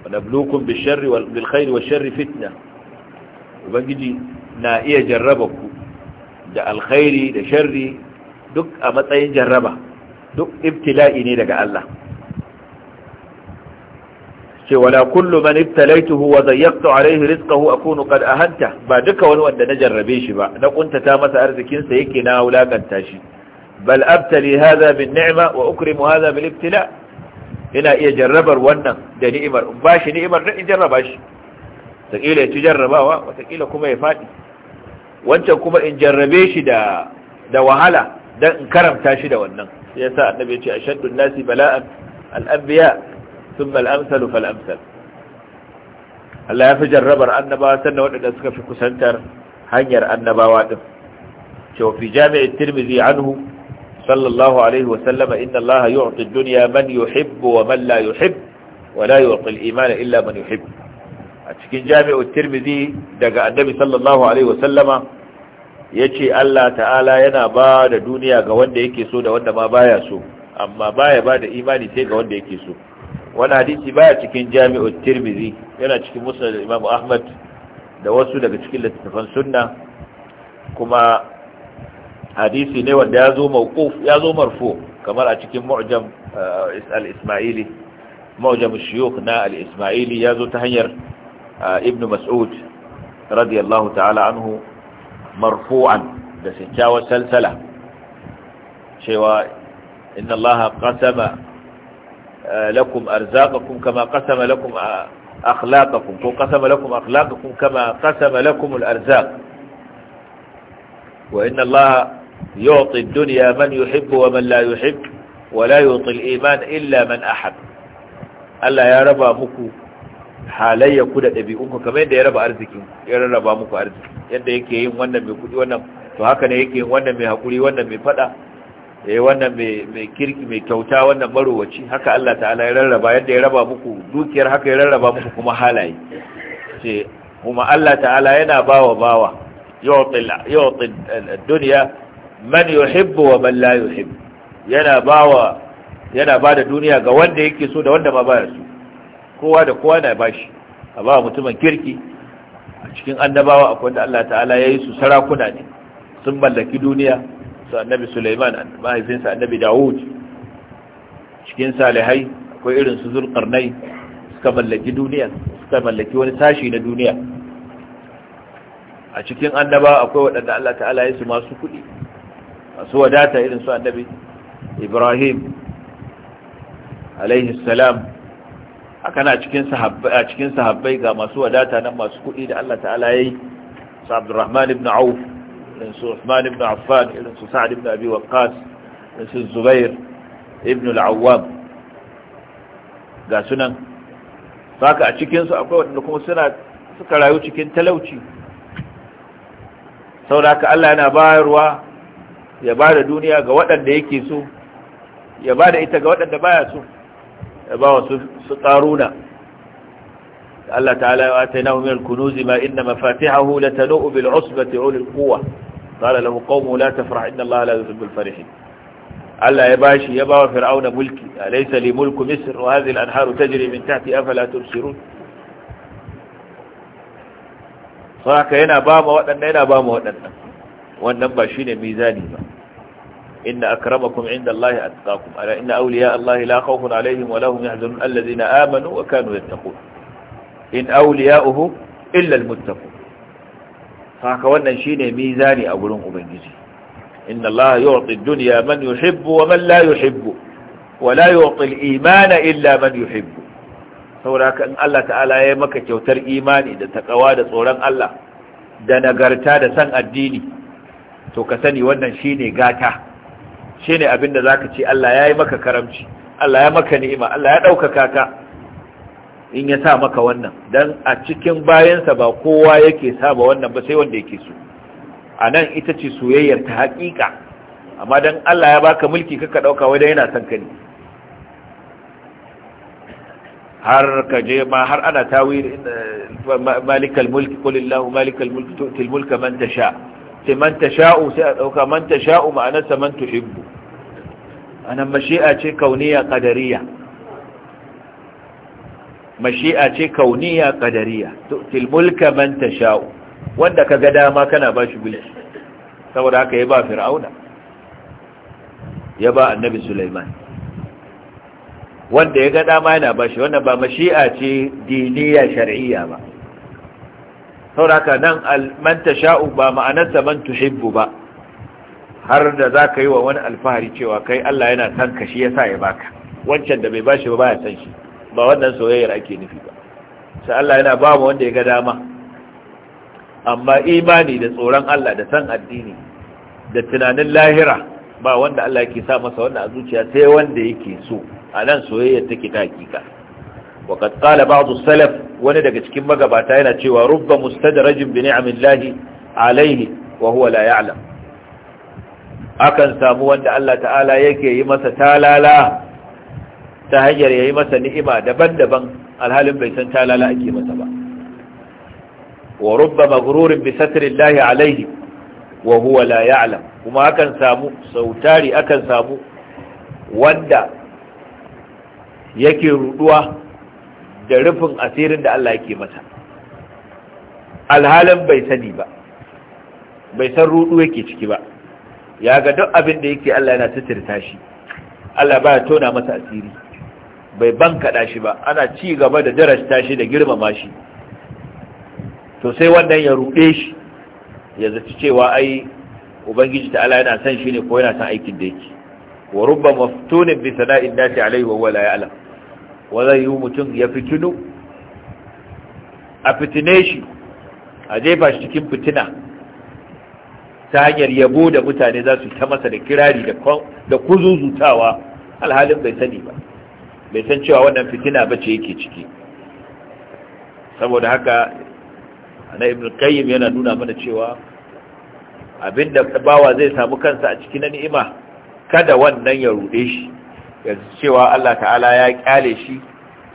wanda nablukum bisharri wal khairi wa sharri fitna ubangiji na iya jarraba ku da alkhairi da sharri duk a matsayin jarraba duk ibtila'i ne daga Allah ce wala kullu man ibtalaituhu wa zayyaqtu alayhi rizqahu akunu qad ahanta ba duka wani wanda na jarrabe shi ba na kuntata masa arzikin sa yake na wulakanta shi bal abtali hadha bin ni'ma wa ukrimu hadha bil ibtila ina iya jarrabar wannan da ni'imar ba shi ni'imar da in jarraba shi takila ya ci jarrabawa watakila kuma ya fadi wancan kuma in jarrabe shi da da wahala dan in karamta shi da wannan yasa annabi ya ce ashaddu nasi bala'an al-anbiya thumma al-amsalu fal Allah ya fi jarrabar annabawa sannan waɗanda suka fi kusantar hanyar annabawa din cewa fi jami'in tirmizi anhu sallallahu alaihi wa sallama inna Allah yu'ti man yuhibbu wa man la yuhibbu wa la illa man yuhibbu a cikin jami'in tirmizi daga annabi sallallahu alaihi wa sallama yace Allah ta'ala yana ba da duniya ga wanda yake so da wanda ma baya so amma baya ba da imani sai ga wanda yake so wani hadisi baya cikin jami'u tirmidhi yana cikin musnad imam ahmad da wasu daga cikin littattafan sunna kuma hadisi ne wanda ya zo mawquf ya zo marfu kamar a cikin mu'jam uh, al-isma'ili mu'jam shuyukh na al-isma'ili ya zo ta hanyar uh, ibn mas'ud radiyallahu ta'ala anhu marfu'an da sikkawa salsala cewa inna allaha qasama lakum arzaqakum kama qasama lakum akhlaqakum ko kama qasama lakum al wa inna Allah yu'ti ad-dunya man yuhibbu wa man la yuhibbu wa la yu'ti al-iman illa man ahab Allah ya raba muku halayyaku da ɗabi'unku kamar yadda ya raba arzikin ya rarraba muku arziki yadda yake yin wannan mai wannan to haka ne yake yin wannan mai haƙuri wannan mai faɗa eh wannan mai kirki mai kyauta wannan marowaci haka Allah ta'ala ya rarraba yadda ya raba muku dukiyar haka ya rarraba muku kuma halaye ce kuma Allah ta'ala yana bawa bawa yu'ti yu'ti dunya man yuhibbu wa man la yuhibbu yana bawa yana bada duniya ga wanda yake so da wanda ba ba su. kowa da kowa na bashi a ba mutumin kirki a cikin annabawa akwai wanda Allah ta'ala ya yi su sarakuna ne sun mallaki duniya su annabi Sulaiman mahaifinsa annabi Dawud cikin salihai akwai irin su Zulqarnai suka mallaki duniya suka mallaki wani sashi na duniya a cikin annaba akwai waɗanda Allah ta'ala ya su masu kuɗi masu wadata irin su annabi Ibrahim alaihi salam aka na cikin sahabbai cikin sahabbai ga masu wadata nan masu kuɗi da Allah ta'ala ya yi su Abdurrahman ibn Auf irin su Uthman ibn Affan irin su Sa'd ibn Abi Waqqas irin su Zubair ibn al-Awwam ga sunan saka a cikin su akwai wanda kuma suna suka rayu cikin talauci saboda haka Allah yana bayarwa ya bada duniya ga waɗanda yake so ya bada ita ga waɗanda baya so ya ba wa su ƙaruna Allah ta'ala ya ta yana min al-kunuzi ma inna mafatihahu latanu bil usbati ulil quwwa qala lahu qawmu la Allah ya bashi ya bawa fir'auna mulki alaysa li anharu tajri min tahti afala tubsirun ba ma waɗannan yana mizani ba inna inda Allah atqakum ala inna awliya Allah la khawfun alaihim wa lahum yahzanun alladhina haka wannan shine mizani a gurin ubangiji inna allaha yu'ti ad-dunya man yuhibbu wa man la yuhibbu wa la yu'ti al-imana illa man yuhibbu saboda in Allah ta'ala ya yi maka kyautar imani da takawa da tsoron Allah da nagarta da san addini to ka sani wannan shine gata shine abinda zaka ce Allah ya yi maka karamci Allah ya maka ni'ima Allah ya ɗaukaka ka in ya sa maka wannan dan a cikin bayansa ba kowa yake saba wannan ba sai wanda yake so a nan ita ce soyayyar ta haƙiƙa amma don Allah ya baka mulki kaka ɗauka wai yana son ka ne har ka je ma har ana tawil eh, malikal mulki qulillahu malikal mulki tu'til mulka man sha. sai man sha'u sai a ɗauka man sha'u ma'anarsa man tuhibbu anan mashi'a ce kauniya qadariya mashi'a ce kauniya qadariya Til mulka man tasha'u wanda kaga dama kana bashi mulki saboda haka ya ba fir'auna ya ba annabi sulaiman wanda ya ga dama yana bashi wannan ba mashi'a ce diniya shar'iyya ba saboda haka nan man tasha'u ba ma'anarsa man tuhibbu ba har da za ka yi wa wani alfahari cewa kai Allah yana san ka shi yasa ya baka wancan da bai bashi ba baya san shi ba wannan soyayyar ake nufi ba sai Allah yana ba mu wanda ya ga dama amma imani da tsoron Allah da san addini da tunanin lahira ba wanda Allah yake sa masa wannan a zuciya sai wanda yake so a nan soyayyar take ta hakika wa qad qala ba'd salaf wani daga cikin magabata yana cewa rubba mustadrajin bi ni'amillahi alayhi wa huwa la ya'lam akan samu wanda Allah ta'ala yake yi masa talala ta hanyar yayi masa ni'ima daban-daban alhalin bai san talala ake masa ba wa rubba maghrurin bi satrillahi alaihi wa huwa la ya'lam kuma akan samu sautari akan samu wanda yake ruduwa da rufin asirin da Allah yake masa alhalin bai sani ba bai san rudu yake ciki ba ya ga duk abin da yake Allah yana sitirta shi Allah baya tona masa asiri bai bankada shi ba ana ci gaba da darasta shi da girmama shi to sai wannan ya ruɗe shi ya zaci cewa ai ubangiji ta'ala yana san shi ne ko yana san aikin da yake wa rubba maftunin bi sana'in nasi alaihi wa wala ya'lam wa zai yi mutum ya fitinu a fitine shi a jefa shi cikin fitina ta hanyar yabo da mutane za su ta masa da kirari da kuzuzutawa alhalin bai sani ba bai san cewa wannan fitina ce yake ciki saboda haka ana ibn Kayyim yana nuna mana cewa abinda bawa zai samu kansa a cikin ni'ima kada wannan ya rude shi ya cewa Allah ta'ala ya kyale shi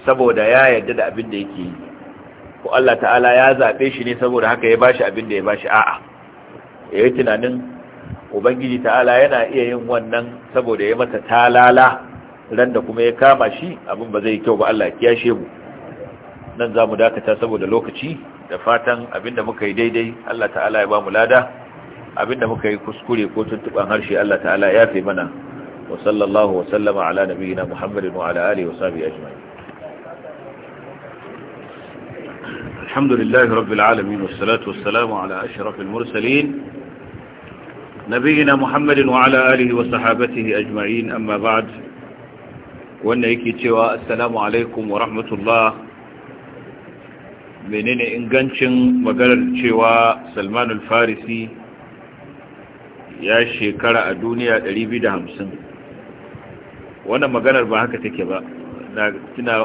saboda ya yarda da abinda yake yi ko Allah ta'ala ya zabe shi ne saboda haka ya bashi abinda ya bashi a'a yayi tunanin ubangiji ta'ala yana iya yin wannan saboda ya masa talala ran da kuma ya kama shi abin ba zai kyau ba Allah ya kiyashe nan za mu dakata saboda lokaci da fatan abinda muka yi daidai Allah ta'ala ya ba mu lada abinda muka yi kuskure ko tuntuban harshe Allah ta'ala ya fi mana wa sallallahu wa sallama ala nabiyyina Muhammadin wa ala alihi wa sahbihi ajma'in alhamdulillahi rabbil alamin wassalatu salamu ala ashrafil mursalin Muhammadin wa محمد وعلى آله وصحابته أجمعين Amma بعد wanda yake cewa assalamu alaikum wa rahmatullah menene ingancin maganar cewa salman al-farisi ya shekara a duniya 250 wannan maganar ba haka take ba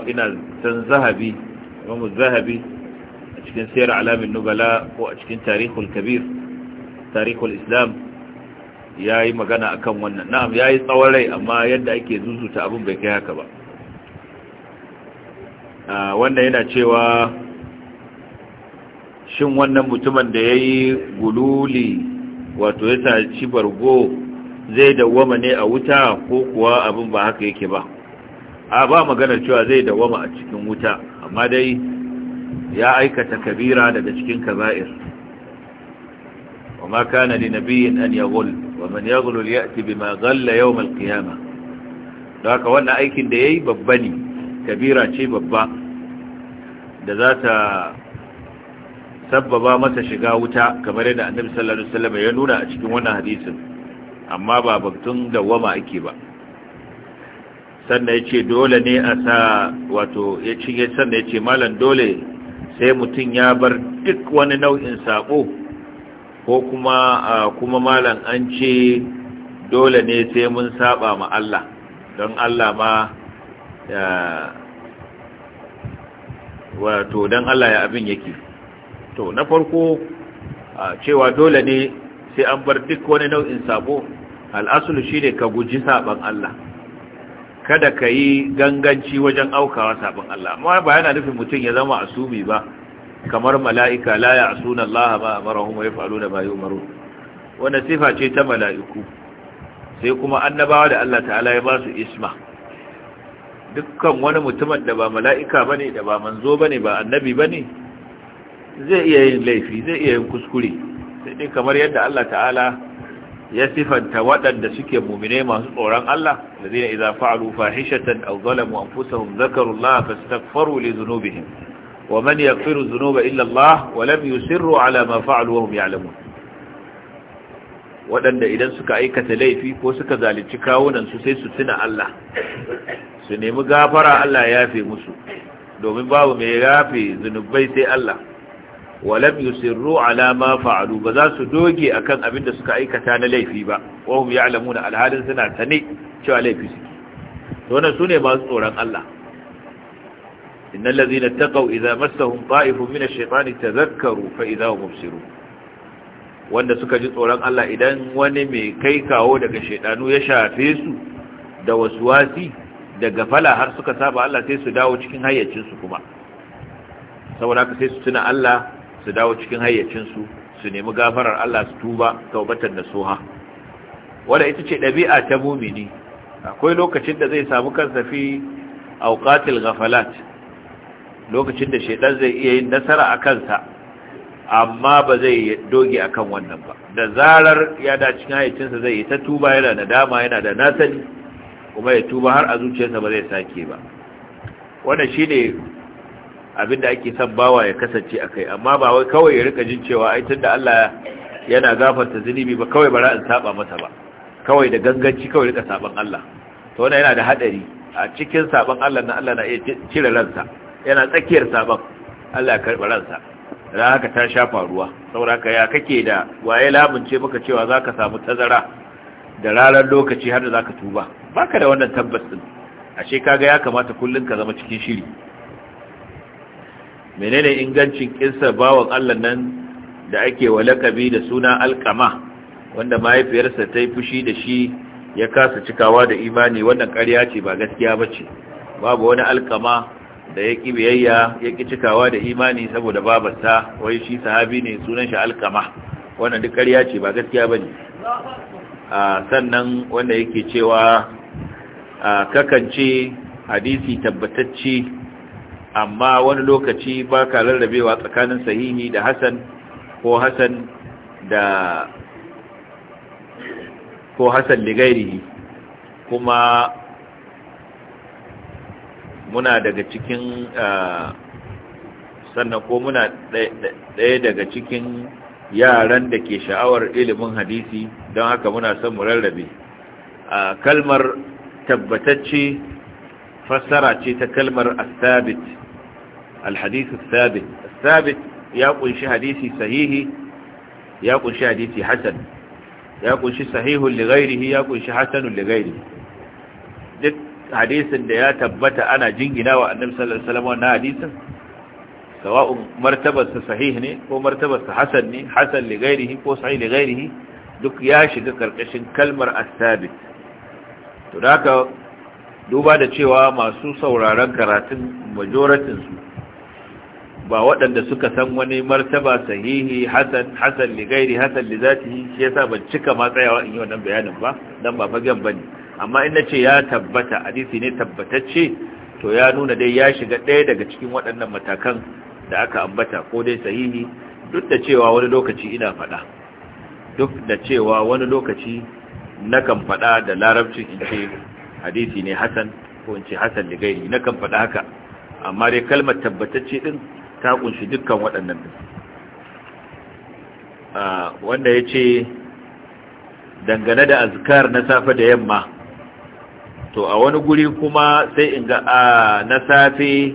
ina san zahabi imamu zahabi a cikin sayar alamin nubala ko a cikin tarihul kabir tarihul islam ya yi magana a kan wannan na'am ya yi tsawon rai amma yadda ake zuzuta abin bai kai haka ba ah, wannan yana cewa shin wannan mutumin da ya yi gululi wato ya taci bargo zai dawwama ne a wuta ko kuwa abin ba haka yake ba a ah, ba maganar cewa zai dawwama a cikin wuta amma dai ya aikata kabira daga cikin kaza'ir وما كان لنبي أن يغل ومن يغل يأتي بما غل يوم القيامة لذلك وانا ايكن دي اي ببني كبيرا شي ببا ذات sabbaba masa shiga wuta kamar yadda annabi sallallahu alaihi wasallam ya nuna a cikin wannan hadisin amma ba da dawama ake ba sannan yace dole ne a sa wato ya cinye sannan yace malam dole sai mutun ya bar duk wani nau'in sako ko kuma kuma malam an ce dole ne sai mun saba ma Allah don Allah ma wato don Allah ya abin yake to na farko cewa dole ne sai an bar duk wani nau'in sabo al'asulu shi ne ka guji saban Allah kada ka yi ganganci wajen aukawa saban Allah amma ba yana nufin mutum ya zama asumi ba kamar mala'ika la ya'suna Allah ma amarahum faru da ma yu'marun wannan sifa ce ta mala'iku sai kuma annabawa da Allah ta'ala ya ba su isma dukkan wani mutumin da ba mala'ika bane da ba manzo bane ba annabi ne. zai iya yin laifi zai iya yin kuskure sai dai kamar yadda Allah ta'ala ya sifanta waɗanda suke mumine masu tsoron Allah da zai iza fa'alu fahishatan aw zalamu anfusahum zakarullaha fastaghfiru li dhunubihim ومن يغفر الذنوب إلا الله ولم يسروا على ما فعلوا وهم يعلمون waɗanda idan suka aikata laifi ko suka zalunci kawunansu sai su tuna Allah su nemi gafara Allah ya yafe musu domin babu mai yafe zunubai sai Allah walam yusirru ala ma fa'alu ba za su doge akan abin da suka aikata na laifi ba wa hum ya'lamuna alhalin suna tane cewa laifi suke to wannan sune masu tsoron Allah إن الذين اتقوا إذا مسهم طائف من الشيطان تذكروا فإذا هم مبصرون wanda suka ji tsoron Allah idan wani mai kai kawo daga shaidanu ya shafe su da wasuwasi da gafala har suka saba Allah sai su dawo cikin hayyacinsu kuma saboda haka sai su tuna Allah su dawo cikin hayyacinsu su nemi gafarar Allah su tuba da nasuha wanda ita ce ɗabi'a ta mumini akwai lokacin da zai samu kansa fi auqatil ghafalat lokacin da shaidan zai iya yin nasara a kansa amma ba zai doge a kan wannan ba da zarar ya da cikin hayyacinsa zai yi ta tuba yana da dama yana da nasani kuma ya tuba har a zuciyarsa ba zai sake ba wannan shine abin da ake son bawa ya kasance a kai, amma ba wai kawai ya rika jin cewa ai da Allah yana gafarta zunubi ba kawai bara in saba masa ba kawai da ganganci kawai rika saban Allah to wannan yana da hadari a cikin saban Allah na Allah na iya cire ransa yana tsakiyar sabon Allah ya karɓi ransa da haka ta shafa ruwa sauraka ya kake da waye labince maka cewa za ka samu tazara da ranar lokaci har da za ka tuba ba ka da wannan tabbas ɗin ashe kaga ya kamata kullum ka zama cikin shiri menene ingancin kinsa bawan Allah nan da ake wa lakabi da suna alkama wanda mahaifiyarsa ta yi fushi da shi ya kasa cikawa da imani wannan ƙarya ce ba gaskiya ba ce babu wani alkama da ya ƙi biyayya ya ƙi cikawa da imani saboda babarta wai shi sahabi ne sunan shi alkama wannan duk ƙarya ce ba gaskiya ba ne sannan wanda yake cewa kakance hadisi tabbatacce amma wani lokaci ba ka rarrabewa tsakanin sahihi da hasan ko hasan da ko hasan ligairi kuma muna daga cikin ah, sannan ko muna ɗaya daga cikin yaran da ke sha'awar ilimin hadisi don haka muna son mu rarrabe ah, kalmar tabbatacce fassara ce ta kalmar asabit alhadisu sabit asabit ya kunshi hadisi sahihi ya kunshi hadisi hasan ya kunshi sahihun lighairihi ya kunshi hasanun lighairihi duk hadisin da ya tabbata ana jingina wa annabi sallallahu alaihi wasallam wannan hadisin sawa'un martabarsa sahih ne ko martabarsa hasan ne hasan li ghairihi ko sahih li ghairihi duk ya shiga karkashin kalmar as-sabit to haka duba da cewa masu sauraron karatun majoratin su ba waɗanda suka san wani martaba sahihi hasan hasan li ghairi hasan li zatihi shi yasa ban cika ma tsayawa in yi wannan bayanin ba dan ba fagen bane amma in nace ya tabbata hadisi ne tabbatacce to ya nuna dai ya shiga ɗaya daga cikin waɗannan matakan da aka ambata ko dai sahihi duk da cewa wani lokaci ina faɗa duk da cewa wani lokaci nakan faɗa da larabci in ce hadisi ne hasan ko in ce hasan ligairi nakan faɗa haka amma dai kalmar tabbatacce din ta kunshi dukkan waɗannan din ah, wanda ya ce dangane da azkar na safe da yamma to a wani guri kuma sai in ga a na safe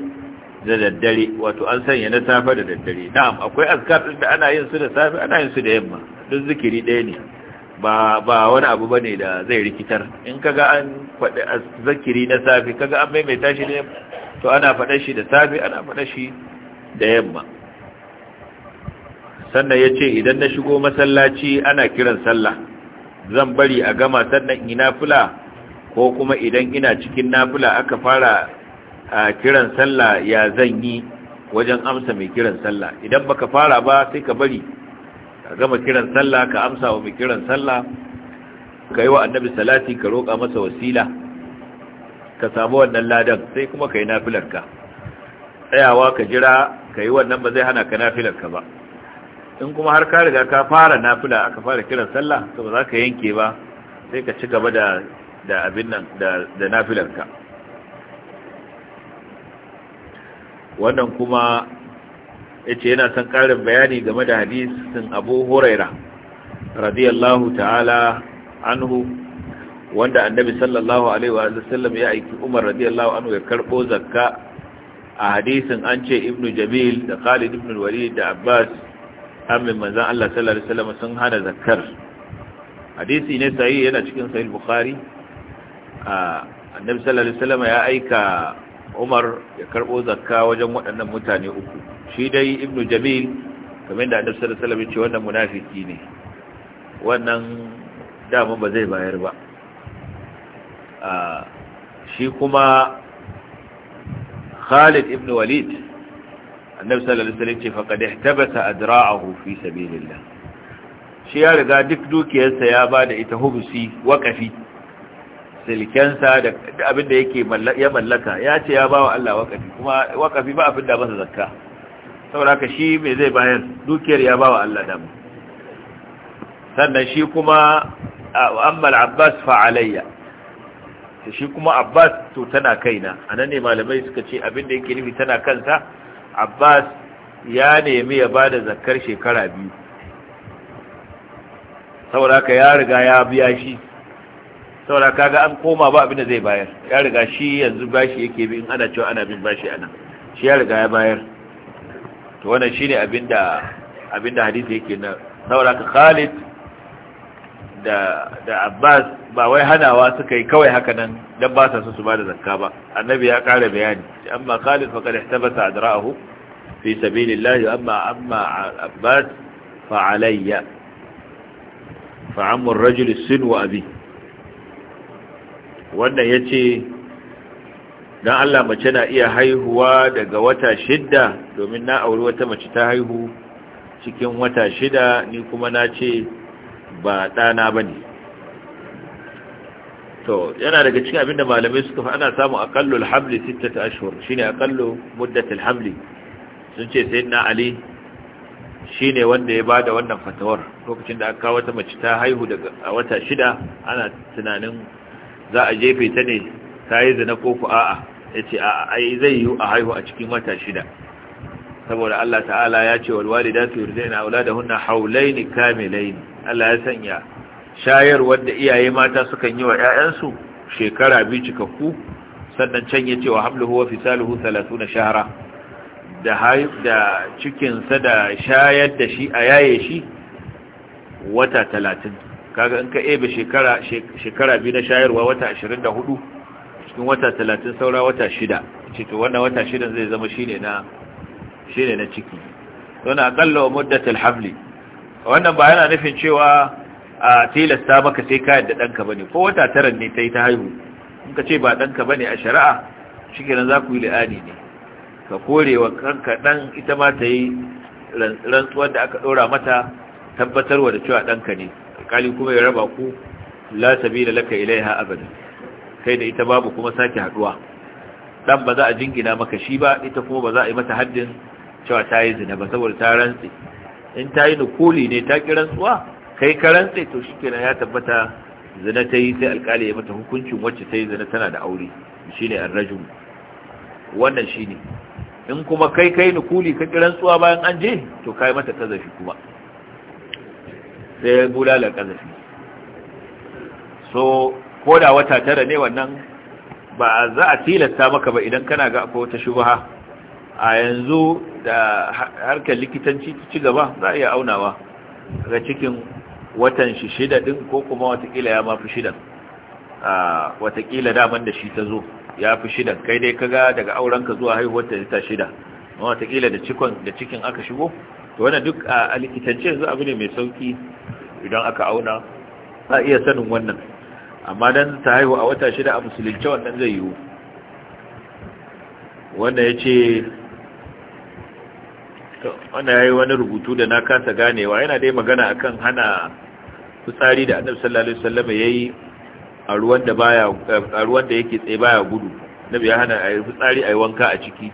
da daddare wato an sanya na safe da daddare na'am akwai azkar din da ana yin su da safe ana yin su da yamma duk zikiri ɗaya ne ba ba wani abu bane da zai rikitar in kaga an faɗi zikiri na safe kaga an maimaita shi da yamma to ana faɗa shi da safe ana faɗa shi da yamma sannan ya ce idan na shigo masallaci ana kiran sallah zan bari a gama sannan ina fula ko kuma idan ina cikin nafila aka fara a kiran sallah ya zan yi wajen amsa mai kiran sallah idan baka fara ba sai ka bari ka gama kiran sallah ka amsa wa mai kiran sallah ka yi wa annabi salati ka roƙa masa wasila ka samu wannan ladan sai kuma ka yi nafilarka tsayawa ka jira ka yi wannan ba zai hana ka nafilarka ba in kuma har ka riga ka fara nafila aka fara kiran sallah to ba za ka yanke ba sai ka ci gaba da da abin nan da nafilarka wannan kuma ya ce yana son ƙarin bayani game da hadisin abu huraira radiyallahu ta'ala anhu wanda annabi sallallahu alaihi wa sallam ya aiki umar radiyallahu anhu ya karɓo zakka a hadisin an ce ibnu jabil da khalid ibn walid da abbas amin manzan Allah sallallahu alaihi wa sallam sun hana zakkar hadisi ne sahihi yana cikin sahih bukhari annabi sallallahu alaihi wasallam ya aika Umar ya karbo zakka wajen waɗannan mutane uku shi dai ibnu jamil kamar da annabi sallallahu alaihi wasallam ya ce wannan munafiki ne wannan dama ba zai bayar ba shi kuma Khalid ibn Walid annabi sallallahu alaihi wasallam ce faqad ihtabasa adra'ahu fi sabilillah shi ya riga duk dukiyarsa ya bada ita hubusi waqafi silkensa da abin da yake ya mallaka ya ce ya bawa Allah wakafi kuma wakafi ba abin da masa zakka saboda haka shi me zai bayar dukiyar ya bawa Allah dama sannan shi kuma ammal abbas fa alayya shi kuma abbas to tana kaina anan ne malamai suka ce abin da yake nufi tana kansa abbas ya nemi ya bada zakkar shekara biyu saboda haka ya riga ya biya shi saboda kaga an koma ba abin da zai bayar ya riga shi yanzu bashi yake bi in ana cewa ana bin bashi ana shi ya riga ya bayar to wannan shine abinda abinda hadisi yake na saboda ka Khalid da da Abbas ba wai hanawa suka yi kawai haka nan dan ba sa su ba da zakka ba annabi ya kara bayani amma Khalid faqad ihtabasa adra'ahu fi sabilillah amma amma Abbas fa alayya fa amru ar-rajul sin wa Wannan ya ce don Allah mace na iya haihuwa daga wata shidda domin na auri wata mace ta haihu cikin wata shida ni kuma na ce ba ɗana ba ne to yana daga cikin abinda malamai suka fa ana samu aƙallul hamli sittata Shi shine akallo muddata alhamli sun ce sai na ali shi ne wanda ya bada wannan fatawar lokacin da aka kawo wata mace ta haihu a wata shida ana tunanin za a jefe ta ne ta yi zina ko a'a ya ce a'a ai zai yi a haihu a cikin wata shida saboda Allah ta'ala ya ce walwali da su haulai auladahunna haulaini kamilaini Allah ya sanya shayar wanda iyaye mata sukan yi wa 'ya'yansu shekara biyu cikakku sannan can ya ce wa hamluhu wa fisaluhu 30 shahara da da cikin sa da shayar da shi a yaye shi wata talatin kaga in ka ebe shekara shekara biyu na shayarwa wata 24 cikin wata 30 saura wata 6 cikin wannan wata 6 zai zama shine na shine na ciki don aqalla muddatul hamli wannan ba yana nufin cewa a tilasta maka sai ka yadda danka bane ko wata 9 ne tai ta haihu in ka ce ba danka bane a shari'a shikenan za ku yi la'ani ne ka korewa kanka dan ita ma ta yi rantsuwar da aka dora mata tabbatarwa da cewa danka ne alkali kuma ya raba ku la sabila laka ilaiha abada kai da ita babu kuma sake haduwa dan ba za a jingina maka shi ba ita kuma ba za a yi mata haddin cewa ta yi zina ba saboda ta rantse in ta yi nukuli ne ta ki rantsuwa kai ka rantse to shikenan ya tabbata zina ta yi sai alƙali ya mata hukuncin wacce ta yi zina tana da aure shine arrajul wannan ne. in kuma kai kai nukuli ka ki rantsuwa bayan an je to kai mata kazafi kuma sai ya bulala kazafi so ko da wata tara ne wannan ba za a tilasta maka ba idan kana ga akwai wata shubaha a yanzu da harkar likitanci ci gaba za a iya aunawa ga cikin watan shi shida din ko kuma watakila ya mafi shidan watakila daman da shi ta zo ya fi shidan kai dai kaga daga aurenka zuwa haihuwar ta shida watakila da cikin aka shigo to wannan duk a alikitance yanzu abu ne mai sauki idan aka auna za a iya sanin wannan amma dan ta haihu a wata shida a musulunci wannan zai yiwu wanda ya ce wanda ya yi wani rubutu da na kasa ganewa yana dai magana akan hana fitsari da annabi sallallahu alaihi wasallam yayi a ruwan da baya a ruwan da yake tsaye baya gudu nabi ya hana ayi fitsari ayi wanka a ciki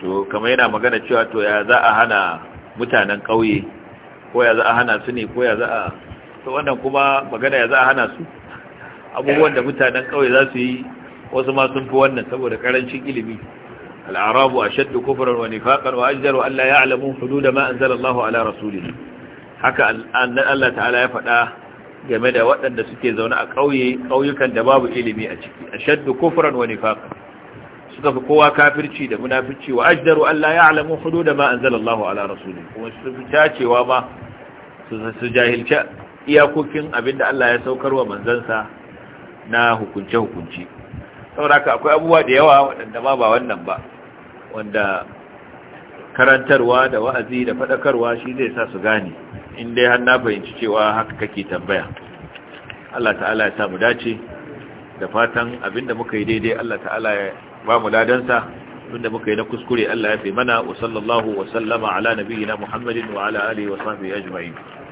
to kamar yana magana cewa to ya za a hana mutanen ƙauye ko ya za a hana su ne ko ya za a to wannan kuma magana ya za a hana su abubuwan da mutanen ƙauye za su yi wasu ma sun fi wannan saboda ƙarancin ilimi al'arabu a shaddu kufurar wa nifaƙar wa ajiyar wa Allah ya alamun hudu da ma'anzar Allah ala rasulihi haka Allah ta'ala ya faɗa game da waɗanda suke zaune a ƙauye ƙauyukan da babu ilimi a ciki a shaddu kufurar wa nifaƙar suka fi kowa kafirci da munafici wa ajdaru ya alamu hudu da ma Allah ala rasuli kuma su fi cacewa ma su jahilci iyakokin abin da Allah ya saukar wa manzansa na hukunce hukunci saboda haka akwai abubuwa da yawa waɗanda ma ba wannan ba wanda karantarwa da wa'azi da faɗakarwa shi zai sa su gane in dai har na fahimci cewa haka kake tambaya Allah ta'ala ya samu dace da fatan abinda muka yi daidai Allah ta'ala ya ba mu ladansa tunda muka yi na kuskure Allah ya fi mana wa sallallahu wa sallama ala nabiyyina Muhammadin wa ala alihi wa sahbihi ajma'in